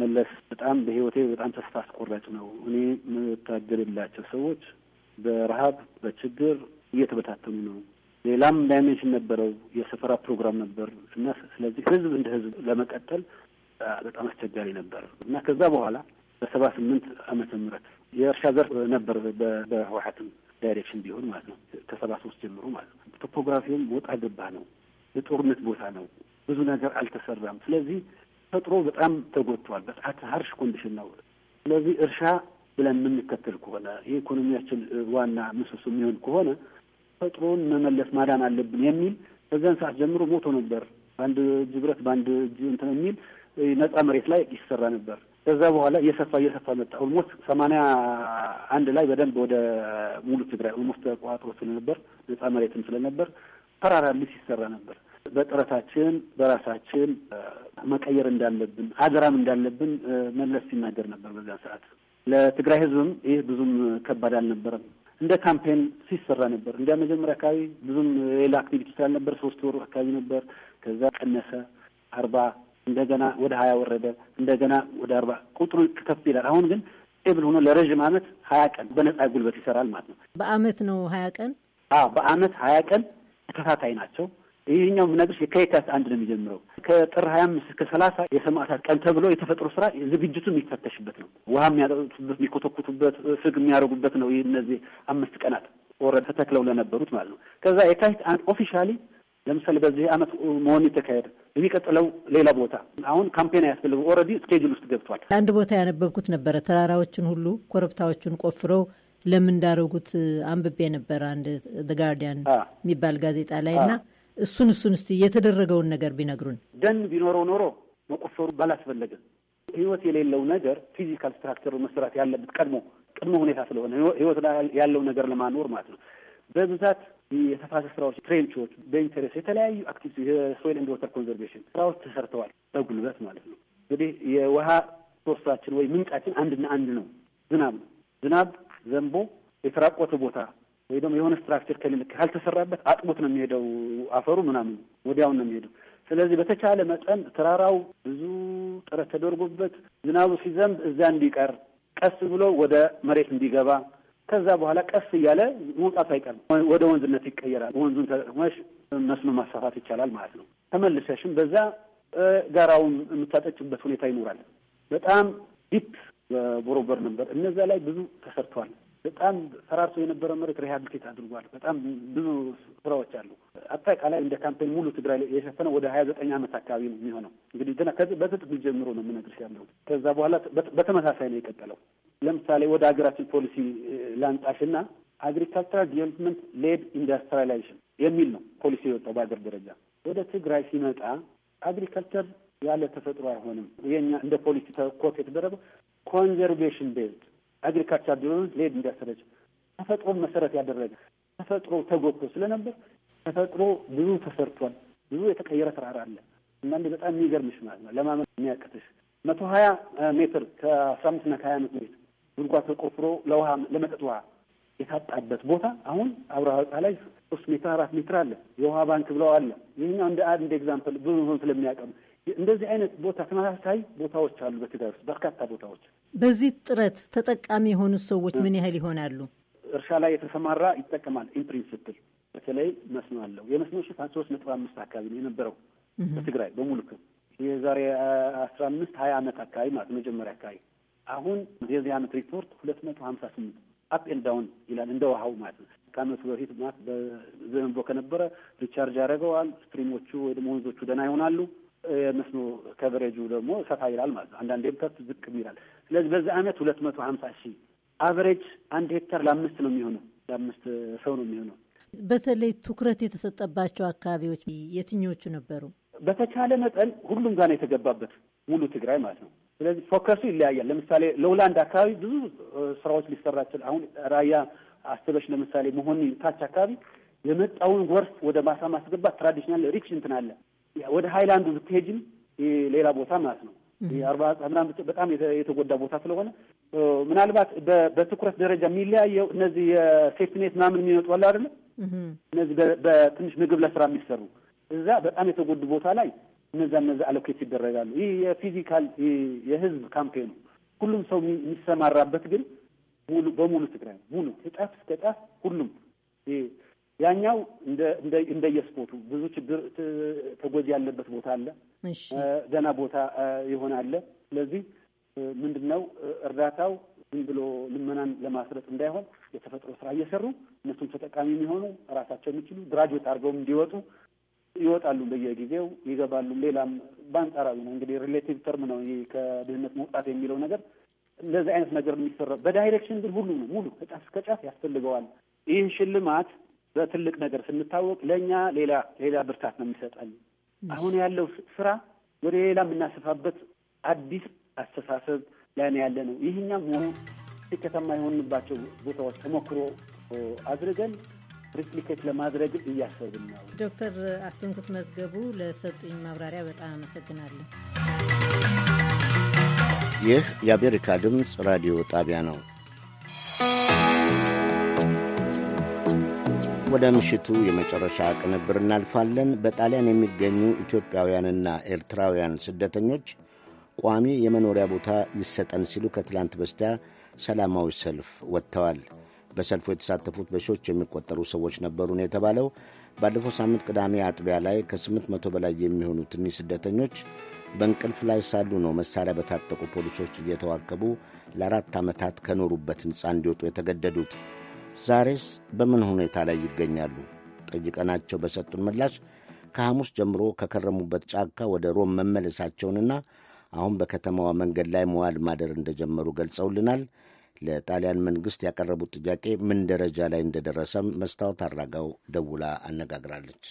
መለስ በጣም በህይወቴ በጣም ተስፋ አስቆራጭ ነው። እኔ የምታገልላቸው ሰዎች በረሀብ በችግር እየተበታተኑ ነው። ሌላም ዳይሜንሽን ነበረው። የሰፈራ ፕሮግራም ነበር እና ስለዚህ ህዝብ እንደ ህዝብ ለመቀጠል በጣም አስቸጋሪ ነበር እና ከዛ በኋላ በሰባ ስምንት አመተ ምህረት የእርሻ ዘርፍ ነበር በህወሓትም ዳይሬክሽን ቢሆን ማለት ነው ከሰባ ሶስት ጀምሮ ማለት ነው። ቶፖግራፊውም ወጣ ገባ ነው። የጦርነት ቦታ ነው። ብዙ ነገር አልተሰራም። ስለዚህ ተፈጥሮ በጣም ተጎድቷል። በጣት ሀርሽ ኮንዲሽን ነው። ስለዚህ እርሻ ብለን የምንከተል ከሆነ የኢኮኖሚያችን ዋና ምሰሶ የሚሆን ከሆነ ተፈጥሮን መመለስ ማዳን አለብን የሚል በዚያን ሰዓት ጀምሮ ሞቶ ነበር። በአንድ እጅ ብረት በአንድ እጅ እንትን የሚል ነጻ መሬት ላይ ይሰራ ነበር። ከዛ በኋላ እየሰፋ እየሰፋ መጣ። ኦልሞስት ሰማንያ አንድ ላይ በደንብ ወደ ሙሉ ትግራይ ኦልሞስት ተቋጥሮ ስለነበር ነጻ መሬትም ስለነበር ተራራ ልስ ይሰራ ነበር። በጥረታችን በራሳችን መቀየር እንዳለብን አደራም እንዳለብን መለስ ሲናገር ነበር። በዚያን ሰዓት ለትግራይ ህዝብም ይህ ብዙም ከባድ አልነበረም። እንደ ካምፔን ሲሰራ ነበር። እንደ መጀመሪያ አካባቢ ብዙም ሌላ አክቲቪቲ ስላልነበር ሶስት ወሩ አካባቢ ነበር። ከዛ ቀነሰ አርባ እንደገና ወደ ሀያ ወረደ እንደገና ወደ አርባ ቁጥሩ ከፍ ይላል። አሁን ግን ኤብል ሆኖ ለረዥም አመት ሀያ ቀን በነጻ ጉልበት ይሰራል ማለት ነው። በአመት ነው ሀያ ቀን በአመት ሀያ ቀን ተከታታይ ናቸው። ይህኛው ምነግርሽ ከየካቲት አንድ ነው የሚጀምረው። ከጥር ሀያ አምስት እስከ ሰላሳ የሰማዕታት ቀን ተብሎ የተፈጥሮ ስራ ዝግጅቱ የሚፈተሽበት ነው። ውሃ የሚያጠጡበት፣ የሚኮተኩቱበት፣ ፍግ የሚያደርጉበት ነው። ይህ እነዚህ አምስት ቀናት ወረድ ተተክለው ለነበሩት ማለት ነው። ከዛ የካቲት አንድ ኦፊሻሊ ለምሳሌ በዚህ አመት መሆን የተካሄደ የሚቀጥለው ሌላ ቦታ አሁን ካምፔን አያስፈልግም። ኦልሬዲ ስኬጅል ውስጥ ገብቷል። አንድ ቦታ ያነበብኩት ነበረ ተራራዎችን ሁሉ ኮረብታዎችን ቆፍረው ለምን እንዳደረጉት አንብቤ ነበር አንድ ዘ ጋርዲያን የሚባል ጋዜጣ ላይ እና እሱን እሱን እስቲ የተደረገውን ነገር ቢነግሩን። ደን ቢኖረው ኖሮ መቆፈሩ ባላስፈለገ ህይወት የሌለው ነገር ፊዚካል ስትራክቸር መስራት ያለበት ቀድሞ ቅድመ ሁኔታ ስለሆነ ህይወት ያለው ነገር ለማኖር ማለት ነው። በብዛት የተፋሰስ ስራዎች፣ ትሬንቾች በኢንተሬስ የተለያዩ አክቲቪቲ የሶይል ኤንድ ወተር ኮንዘርቬሽን ስራዎች ተሰርተዋል በጉልበት ማለት ነው። እንግዲህ የውሃ ሶርሳችን ወይ ምንጫችን አንድና አንድ ነው፣ ዝናብ ነው። ዝናብ ዘንቦ የተራቆተ ቦታ ወይ ደግሞ የሆነ ስትራክቸር ካልተሰራበት አጥቦት ነው የሚሄደው አፈሩ ምናምን ወዲያውን ነው የሚሄደው። ስለዚህ በተቻለ መጠን ተራራው ብዙ ጥረት ተደርጎበት ዝናቡ ሲዘንብ እዛ እንዲቀር ቀስ ብሎ ወደ መሬት እንዲገባ ከዛ በኋላ ቀስ እያለ መውጣቱ አይቀርም፣ ወደ ወንዝነት ይቀየራል። ወንዙን ተጠቅመሽ መስኖ ማስፋፋት ይቻላል ማለት ነው። ተመልሰሽም በዛ ጋራውን የምታጠጭበት ሁኔታ ይኖራል። በጣም ዲፕ በቦሮበር ነበር፣ እነዛ ላይ ብዙ ተሰርተዋል። በጣም ፈራርሶ የነበረ መሬት ሪሃብሊቴት አድርጓል። በጣም ብዙ ስራዎች አሉ። አጠቃላይ እንደ ካምፔን ሙሉ ትግራይ የሸፈነ ወደ ሀያ ዘጠኝ ዓመት አካባቢ ነው የሚሆነው። እንግዲህ ገና ከዚህ ጀምሮ ነው የምነግርሽ ያለው። ከዛ በኋላ በተመሳሳይ ነው የቀጠለው። ለምሳሌ ወደ ሀገራችን ፖሊሲ ላንጣሽና አግሪካልቸራል ዲቨሎፕመንት ሌድ ኢንዱስትሪላይዜሽን የሚል ነው ፖሊሲ የወጣው በሀገር ደረጃ። ወደ ትግራይ ሲመጣ አግሪካልቸር ያለ ተፈጥሮ አይሆንም። የኛ እንደ ፖሊሲ ተኮት የተደረገው ኮንዘርቬሽን ቤዝድ አግሪካልቸር ቢሮ ሌድ እንዳሰረች ተፈጥሮን መሰረት ያደረገ ተፈጥሮ ተጎድቶ ስለነበር ተፈጥሮ ብዙ ተሰርቷል። ብዙ የተቀየረ ተራራ አለ። አንዳንዴ በጣም የሚገርምሽ ማለት ነው ለማመን የሚያቅትሽ መቶ ሀያ ሜትር ከአስራ አምስት እና ከሀያ ሜትር ጉድጓድ ተቆፍሮ ለውሃ ለመጠጥ ውሃ የታጣበት ቦታ አሁን አብረሃ ወጣ ላይ ሶስት ሜትር አራት ሜትር አለ። የውሃ ባንክ ብለው አለ። ይህኛው እንደ አንድ ኤግዛምፕል ብዙ ሆን ስለሚያቀም እንደዚህ አይነት ቦታ ተመሳሳይ ቦታዎች አሉ። በትግራይ ውስጥ በርካታ ቦታዎች። በዚህ ጥረት ተጠቃሚ የሆኑት ሰዎች ምን ያህል ይሆናሉ? እርሻ ላይ የተሰማራ ይጠቀማል። ኢንፕሪንስፕል በተለይ መስኖ አለው። የመስኖ ሽፋን ሶስት ነጥብ አምስት አካባቢ ነው የነበረው በትግራይ በሙሉ የዛሬ አስራ አምስት ሀያ አመት አካባቢ ማለት መጀመሪያ አካባቢ አሁን የዚህ አመት ሪፖርት ሁለት መቶ ሀምሳ ስምንት አፕ ኤንድ ዳውን ይላል እንደ ውሃው ማለት ነው። ከአመቱ በፊት ማለት በዘንቦ ከነበረ ሪቻርጅ ያደረገዋል። ስትሪሞቹ ወይ ደግሞ ወንዞቹ ደህና ይሆናሉ። የመስኖ ከቨሬጁ ደግሞ ሰፋ ይላል ማለት ነው። አንዳንዴም ከፍ ዝቅም ይላል። ስለዚህ በዚህ አመት ሁለት መቶ ሀምሳ ሺህ አቨሬጅ አንድ ሄክታር ለአምስት ነው የሚሆነው ለአምስት ሰው ነው የሚሆነው። በተለይ ትኩረት የተሰጠባቸው አካባቢዎች የትኞቹ ነበሩ? በተቻለ መጠን ሁሉም ጋር ነው የተገባበት ሙሉ ትግራይ ማለት ነው። ስለዚህ ፎከሱ ይለያያል። ለምሳሌ ለውላንድ አካባቢ ብዙ ስራዎች ይችላል። አሁን ራያ አስበሽ ለምሳሌ መሆን ታች አካባቢ የመጣውን ጎርፍ ወደ ማሳ ማስገባት ትራዲሽናል ሪች እንትን አለ ወደ ሀይላንዱ ብትሄጅም ሌላ ቦታ ማለት ነው። ምናምን በጣም የተጎዳ ቦታ ስለሆነ ምናልባት በትኩረት ደረጃ የሚለያየው እነዚህ የሴፍትኔት ምናምን የሚመጡ አለ አደለ እነዚህ በትንሽ ምግብ ለስራ የሚሰሩ እዛ በጣም የተጎዱ ቦታ ላይ እነዛ እነዛ አሎኬት ይደረጋሉ። ይህ የፊዚካል የህዝብ ካምፔኑ ሁሉም ሰው የሚሰማራበት ግን ሙሉ በሙሉ ትግራይ ሙሉ ከጫፍ እስከ ጫፍ ሁሉም ያኛው እንደየስፖርቱ ብዙ ችግር ተጎጂ ያለበት ቦታ አለ፣ ደህና ቦታ የሆነ አለ። ስለዚህ ምንድን ነው እርዳታው ዝም ብሎ ልመናን ለማስረጥ እንዳይሆን የተፈጥሮ ስራ እየሰሩ እነሱም ተጠቃሚ የሚሆኑ ራሳቸው የሚችሉ ግራጁዌት አድርገውም እንዲወጡ ይወጣሉ፣ በየጊዜው ይገባሉ። ሌላም በአንጻራዊ ነው እንግዲህ ሪሌቲቭ ተርም ነው ይሄ ከድህነት መውጣት የሚለው ነገር እንደዚህ አይነት ነገር የሚሰራ በዳይሬክሽን ግን ሁሉ ነው ሙሉ ከጫፍ እስከ ጫፍ ያስፈልገዋል። ይህ ሽልማት በትልቅ ነገር ስንታወቅ ለእኛ ሌላ ሌላ ብርታት ነው የሚሰጣል። አሁን ያለው ስራ ወደ ሌላ የምናሰፋበት አዲስ አስተሳሰብ ላይ ነው ያለ ነው። ይህኛም ሆኑ ከተማ የሆንባቸው ቦታዎች ተሞክሮ አድርገን ሪፕሊኬት ለማድረግ እያሰብን ነው። ዶክተር አትንኩት መዝገቡ ለሰጡኝ ማብራሪያ በጣም አመሰግናለሁ። ይህ የአሜሪካ ድምፅ ራዲዮ ጣቢያ ነው። ወደ ምሽቱ የመጨረሻ ቅንብር እናልፋለን። በጣሊያን የሚገኙ ኢትዮጵያውያንና ኤርትራውያን ስደተኞች ቋሚ የመኖሪያ ቦታ ይሰጠን ሲሉ ከትላንት በስቲያ ሰላማዊ ሰልፍ ወጥተዋል። በሰልፉ የተሳተፉት በሺዎች የሚቆጠሩ ሰዎች ነበሩ ነው የተባለው። ባለፈው ሳምንት ቅዳሜ አጥቢያ ላይ ከስምንት መቶ በላይ የሚሆኑ ትንሽ ስደተኞች በእንቅልፍ ላይ ሳሉ ነው መሳሪያ በታጠቁ ፖሊሶች እየተዋከቡ ለአራት ዓመታት ከኖሩበት ሕንፃ እንዲወጡ የተገደዱት። ዛሬስ በምን ሁኔታ ላይ ይገኛሉ? ጠይቀናቸው በሰጡን ምላሽ ከሐሙስ ጀምሮ ከከረሙበት ጫካ ወደ ሮም መመለሳቸውንና አሁን በከተማዋ መንገድ ላይ መዋል ማደር እንደጀመሩ ገልጸውልናል። ለጣሊያን መንግሥት ያቀረቡት ጥያቄ ምን ደረጃ ላይ እንደደረሰም መስታወት አራጋው ደውላ አነጋግራለች።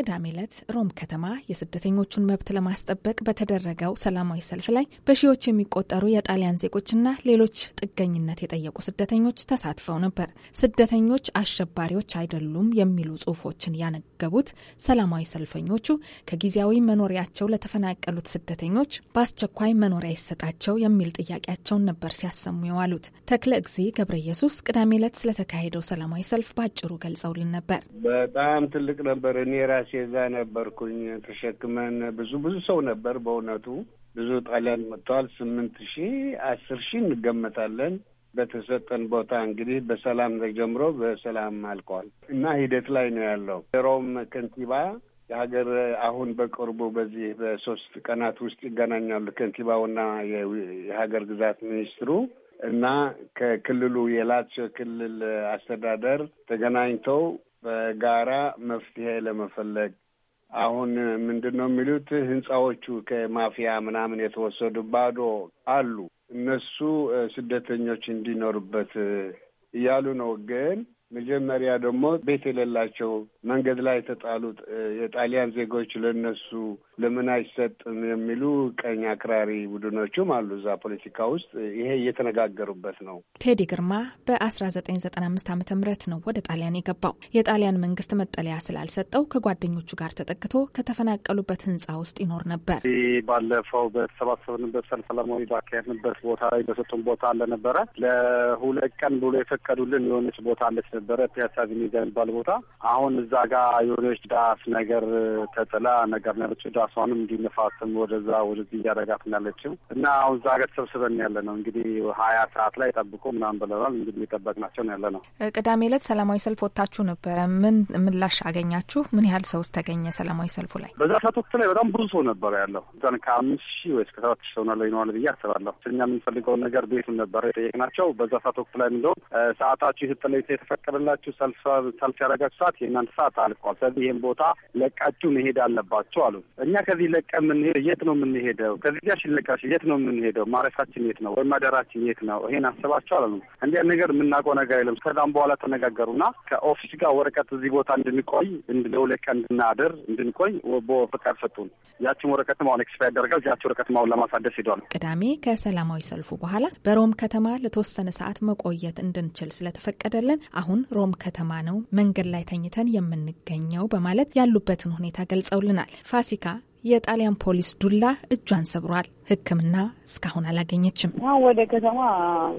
ቅዳሜ ዕለት ሮም ከተማ የስደተኞቹን መብት ለማስጠበቅ በተደረገው ሰላማዊ ሰልፍ ላይ በሺዎች የሚቆጠሩ የጣሊያን ዜጎችና ሌሎች ጥገኝነት የጠየቁ ስደተኞች ተሳትፈው ነበር። ስደተኞች አሸባሪዎች አይደሉም የሚሉ ጽሁፎችን ያነገቡት ሰላማዊ ሰልፈኞቹ ከጊዜያዊ መኖሪያቸው ለተፈናቀሉት ስደተኞች በአስቸኳይ መኖሪያ ይሰጣቸው የሚል ጥያቄያቸውን ነበር ሲያሰሙ የዋሉት። ተክለ እግዚ ገብረ ኢየሱስ ቅዳሜ ዕለት ስለተካሄደው ሰላማዊ ሰልፍ በአጭሩ ገልጸውልን ነበር። በጣም ትልቅ ነበር። እኔ ራሴ እዛ ነበርኩኝ። ተሸክመን ብዙ ብዙ ሰው ነበር በእውነቱ ብዙ ጣሊያን መጥተዋል። ስምንት ሺህ አስር ሺህ እንገመታለን። በተሰጠን ቦታ እንግዲህ በሰላም ተጀምሮ በሰላም አልቀዋል እና ሂደት ላይ ነው ያለው። የሮም ከንቲባ የሀገር አሁን በቅርቡ በዚህ በሶስት ቀናት ውስጥ ይገናኛሉ ከንቲባውና የሀገር ግዛት ሚኒስትሩ እና ከክልሉ የላቸው ክልል አስተዳደር ተገናኝተው በጋራ መፍትሄ ለመፈለግ አሁን ምንድን ነው የሚሉት ህንፃዎቹ ከማፊያ ምናምን የተወሰዱ ባዶ አሉ። እነሱ ስደተኞች እንዲኖሩበት እያሉ ነው። ግን መጀመሪያ ደግሞ ቤት የሌላቸው መንገድ ላይ የተጣሉ የጣሊያን ዜጎች ለነሱ ለምን አይሰጥም የሚሉ ቀኝ አክራሪ ቡድኖችም አሉ እዛ ፖለቲካ ውስጥ። ይሄ እየተነጋገሩበት ነው። ቴዲ ግርማ በ1995 ዓ ም ነው ወደ ጣሊያን የገባው። የጣሊያን መንግስት መጠለያ ስላልሰጠው ከጓደኞቹ ጋር ተጠቅቶ ከተፈናቀሉበት ህንፃ ውስጥ ይኖር ነበር። ባለፈው በተሰባሰብንበት ሰልፍ ሰላማዊ ባካሄድንበት ቦታ ላይ በሰጡን ቦታ አለነበረ ለሁለት ቀን ብሎ የፈቀዱልን የሆነች ቦታ አለች ነበረ ፒያሳ ቬኔዚያ የሚባል ቦታ። አሁን እዛ ጋር የሆነች ዳስ ነገር ተጥላ ነገር ነርች ዳስ ራሷንም እንዲነፋትም ወደዛ ወደዚህ እያደረጋት ያለችው እና አሁን እዛ ሀገር ተሰብስበን ያለ ነው እንግዲህ ሀያ ሰዓት ላይ ጠብቆ ምናምን ብለናል። እንግዲህ የጠበቅናቸው ነው ያለ ነው። ቅዳሜ ዕለት ሰላማዊ ሰልፍ ወጥታችሁ ነበረ። ምን ምላሽ አገኛችሁ? ምን ያህል ሰውስ ተገኘ ሰላማዊ ሰልፉ ላይ? በዛ ሰዓት ወቅት ላይ በጣም ብዙ ሰው ነበረ ያለው ዛን ከአምስት ሺህ ወይስ ከሰባት ሺህ ሰው ነው ይኖራል ብዬ አስባለሁ። እኛ የምንፈልገውን ነገር ቤቱን ነበረ የጠየቅናቸው። በዛ ሰዓት ወቅት ላይ እንደውም ሰዓታችሁ የተጠለይ የተፈቀደላችሁ ሰልፍ ያደረጋችሁ ሰዓት የእናንተ ሰዓት አልቋል። ስለዚህ ይህም ቦታ ለቃችሁ መሄድ አለባችሁ አሉ። እኛ ከዚህ ለቀ የምንሄደው የት ነው የምንሄደው? ጋር ሽለቃሽ የት ነው የምንሄደው? ማረፋችን የት ነው ወይም አደራችን የት ነው? ይሄን አስባቸው አለ ነው እንዲያ ነገር የምናውቀው ነገር የለም። ከዛም በኋላ ተነጋገሩና ከኦፊስ ጋር ወረቀት እዚህ ቦታ እንድንቆይ ለሁለት እንድናድር እንድንቆይ በፍቃድ ሰጡን። ያችን ወረቀት አሁን ኤክስፓየር ያደርጋል። ያች ወረቀት አሁን ለማሳደስ ሄደዋል ቅዳሜ ከሰላማዊ ሰልፉ በኋላ በሮም ከተማ ለተወሰነ ሰዓት መቆየት እንድንችል ስለተፈቀደልን አሁን ሮም ከተማ ነው መንገድ ላይ ተኝተን የምንገኘው በማለት ያሉበትን ሁኔታ ገልጸውልናል። ፋሲካ የጣሊያን ፖሊስ ዱላ እጇን ሰብሯል። ሕክምና እስካሁን አላገኘችም። አሁን ወደ ከተማ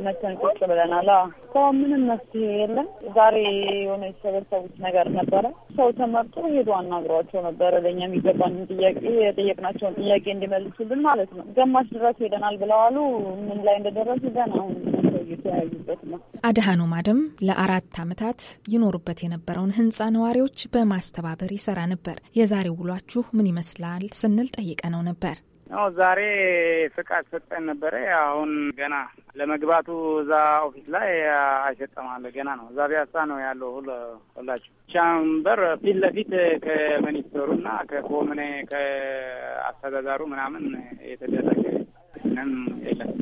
መተን ቁጭ ብለናል። ሰው ምንም መፍትሄ የለም። ዛሬ የሆነ የተሰበሰቡት ነገር ነበረ። ሰው ተመርጦ ሄዶ አናግሯቸው ነበረ። ለእኛ የሚገባንን ጥያቄ የጠየቅናቸውን ጥያቄ እንዲመልሱልን ማለት ነው። ግማሽ ድረስ ሄደናል ብለዋሉ። ምን ላይ እንደደረሱ ገና አሁን ነው። አድሃኖ ማደም ለአራት ዓመታት ይኖሩበት የነበረውን ህንፃ ነዋሪዎች በማስተባበር ይሰራ ነበር። የዛሬ ውሏችሁ ምን ይመስላል ስንል ጠይቀ ነው ነበር። አዎ ዛሬ ፍቃድ ሰጠን ነበረ። አሁን ገና ለመግባቱ እዛ ኦፊስ ላይ አይሰጠማለ ገና ነው። እዛ ቢያሳ ነው ያለው ሁላችሁ ቻምበር ፊት ለፊት ከሚኒስትሩና ከኮምኔ ከአስተዳዳሩ ምናምን የተደረገ ምንም የለም።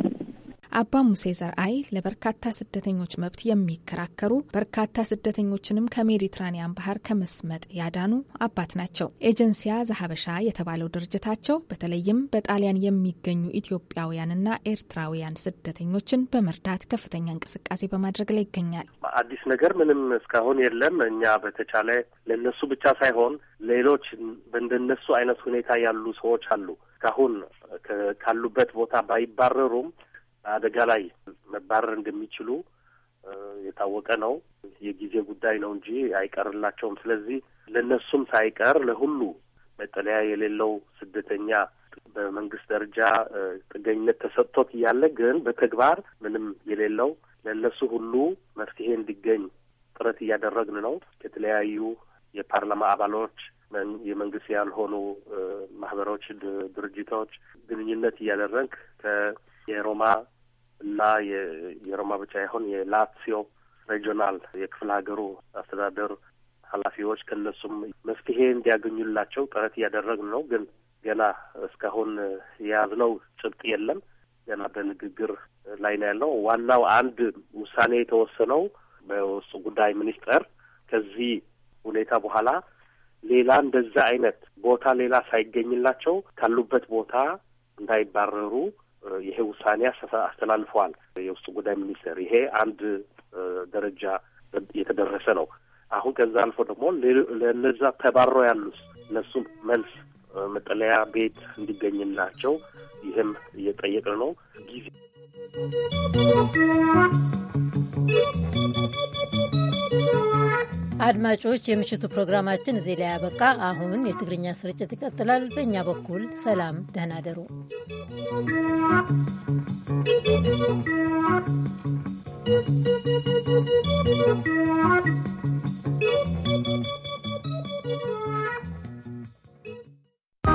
አባ ሙሴ ዘርአይ ለበርካታ ስደተኞች መብት የሚከራከሩ በርካታ ስደተኞችንም ከሜዲትራኒያን ባህር ከመስመጥ ያዳኑ አባት ናቸው። ኤጀንሲያ ዘሀበሻ የተባለው ድርጅታቸው በተለይም በጣሊያን የሚገኙ ኢትዮጵያውያንና ኤርትራውያን ስደተኞችን በመርዳት ከፍተኛ እንቅስቃሴ በማድረግ ላይ ይገኛል። አዲስ ነገር ምንም እስካሁን የለም። እኛ በተቻለ ለእነሱ ብቻ ሳይሆን ሌሎች በእንደነሱ አይነት ሁኔታ ያሉ ሰዎች አሉ እስካሁን ካሉበት ቦታ ባይባረሩም አደጋ ላይ መባረር እንደሚችሉ የታወቀ ነው። የጊዜ ጉዳይ ነው እንጂ አይቀርላቸውም። ስለዚህ ለእነሱም ሳይቀር ለሁሉ መጠለያ የሌለው ስደተኛ በመንግስት ደረጃ ጥገኝነት ተሰጥቶት እያለ ግን በተግባር ምንም የሌለው ለእነሱ ሁሉ መፍትሄ እንዲገኝ ጥረት እያደረግን ነው። የተለያዩ የፓርላማ አባሎች፣ የመንግስት ያልሆኑ ማህበሮች፣ ድርጅቶች ግንኙነት እያደረግ ከየሮማ እና የሮማ ብቻ ይሆን የላትሲዮ ሬጂዮናል የክፍለ ሀገሩ አስተዳደር ኃላፊዎች ከነሱም መፍትሄ እንዲያገኙላቸው ጥረት እያደረግን ነው። ግን ገና እስካሁን የያዝነው ጭብጥ የለም። ገና በንግግር ላይ ነው ያለው። ዋናው አንድ ውሳኔ የተወሰነው በውስጥ ጉዳይ ሚኒስቴር ከዚህ ሁኔታ በኋላ ሌላ እንደዛ አይነት ቦታ ሌላ ሳይገኝላቸው ካሉበት ቦታ እንዳይባረሩ ይሄ ውሳኔ አስተላልፏል የውስጥ ጉዳይ ሚኒስቴር። ይሄ አንድ ደረጃ የተደረሰ ነው። አሁን ከዛ አልፎ ደግሞ ለነዛ ተባረው ያሉት እነሱም መልስ መጠለያ ቤት እንዲገኝላቸው ይህም እየጠየቅን ነው ጊዜ አድማጮች፣ የምሽቱ ፕሮግራማችን እዚህ ላይ ያበቃ። አሁን የትግርኛ ስርጭት ይቀጥላል። በእኛ በኩል ሰላም፣ ደህና ደሩ።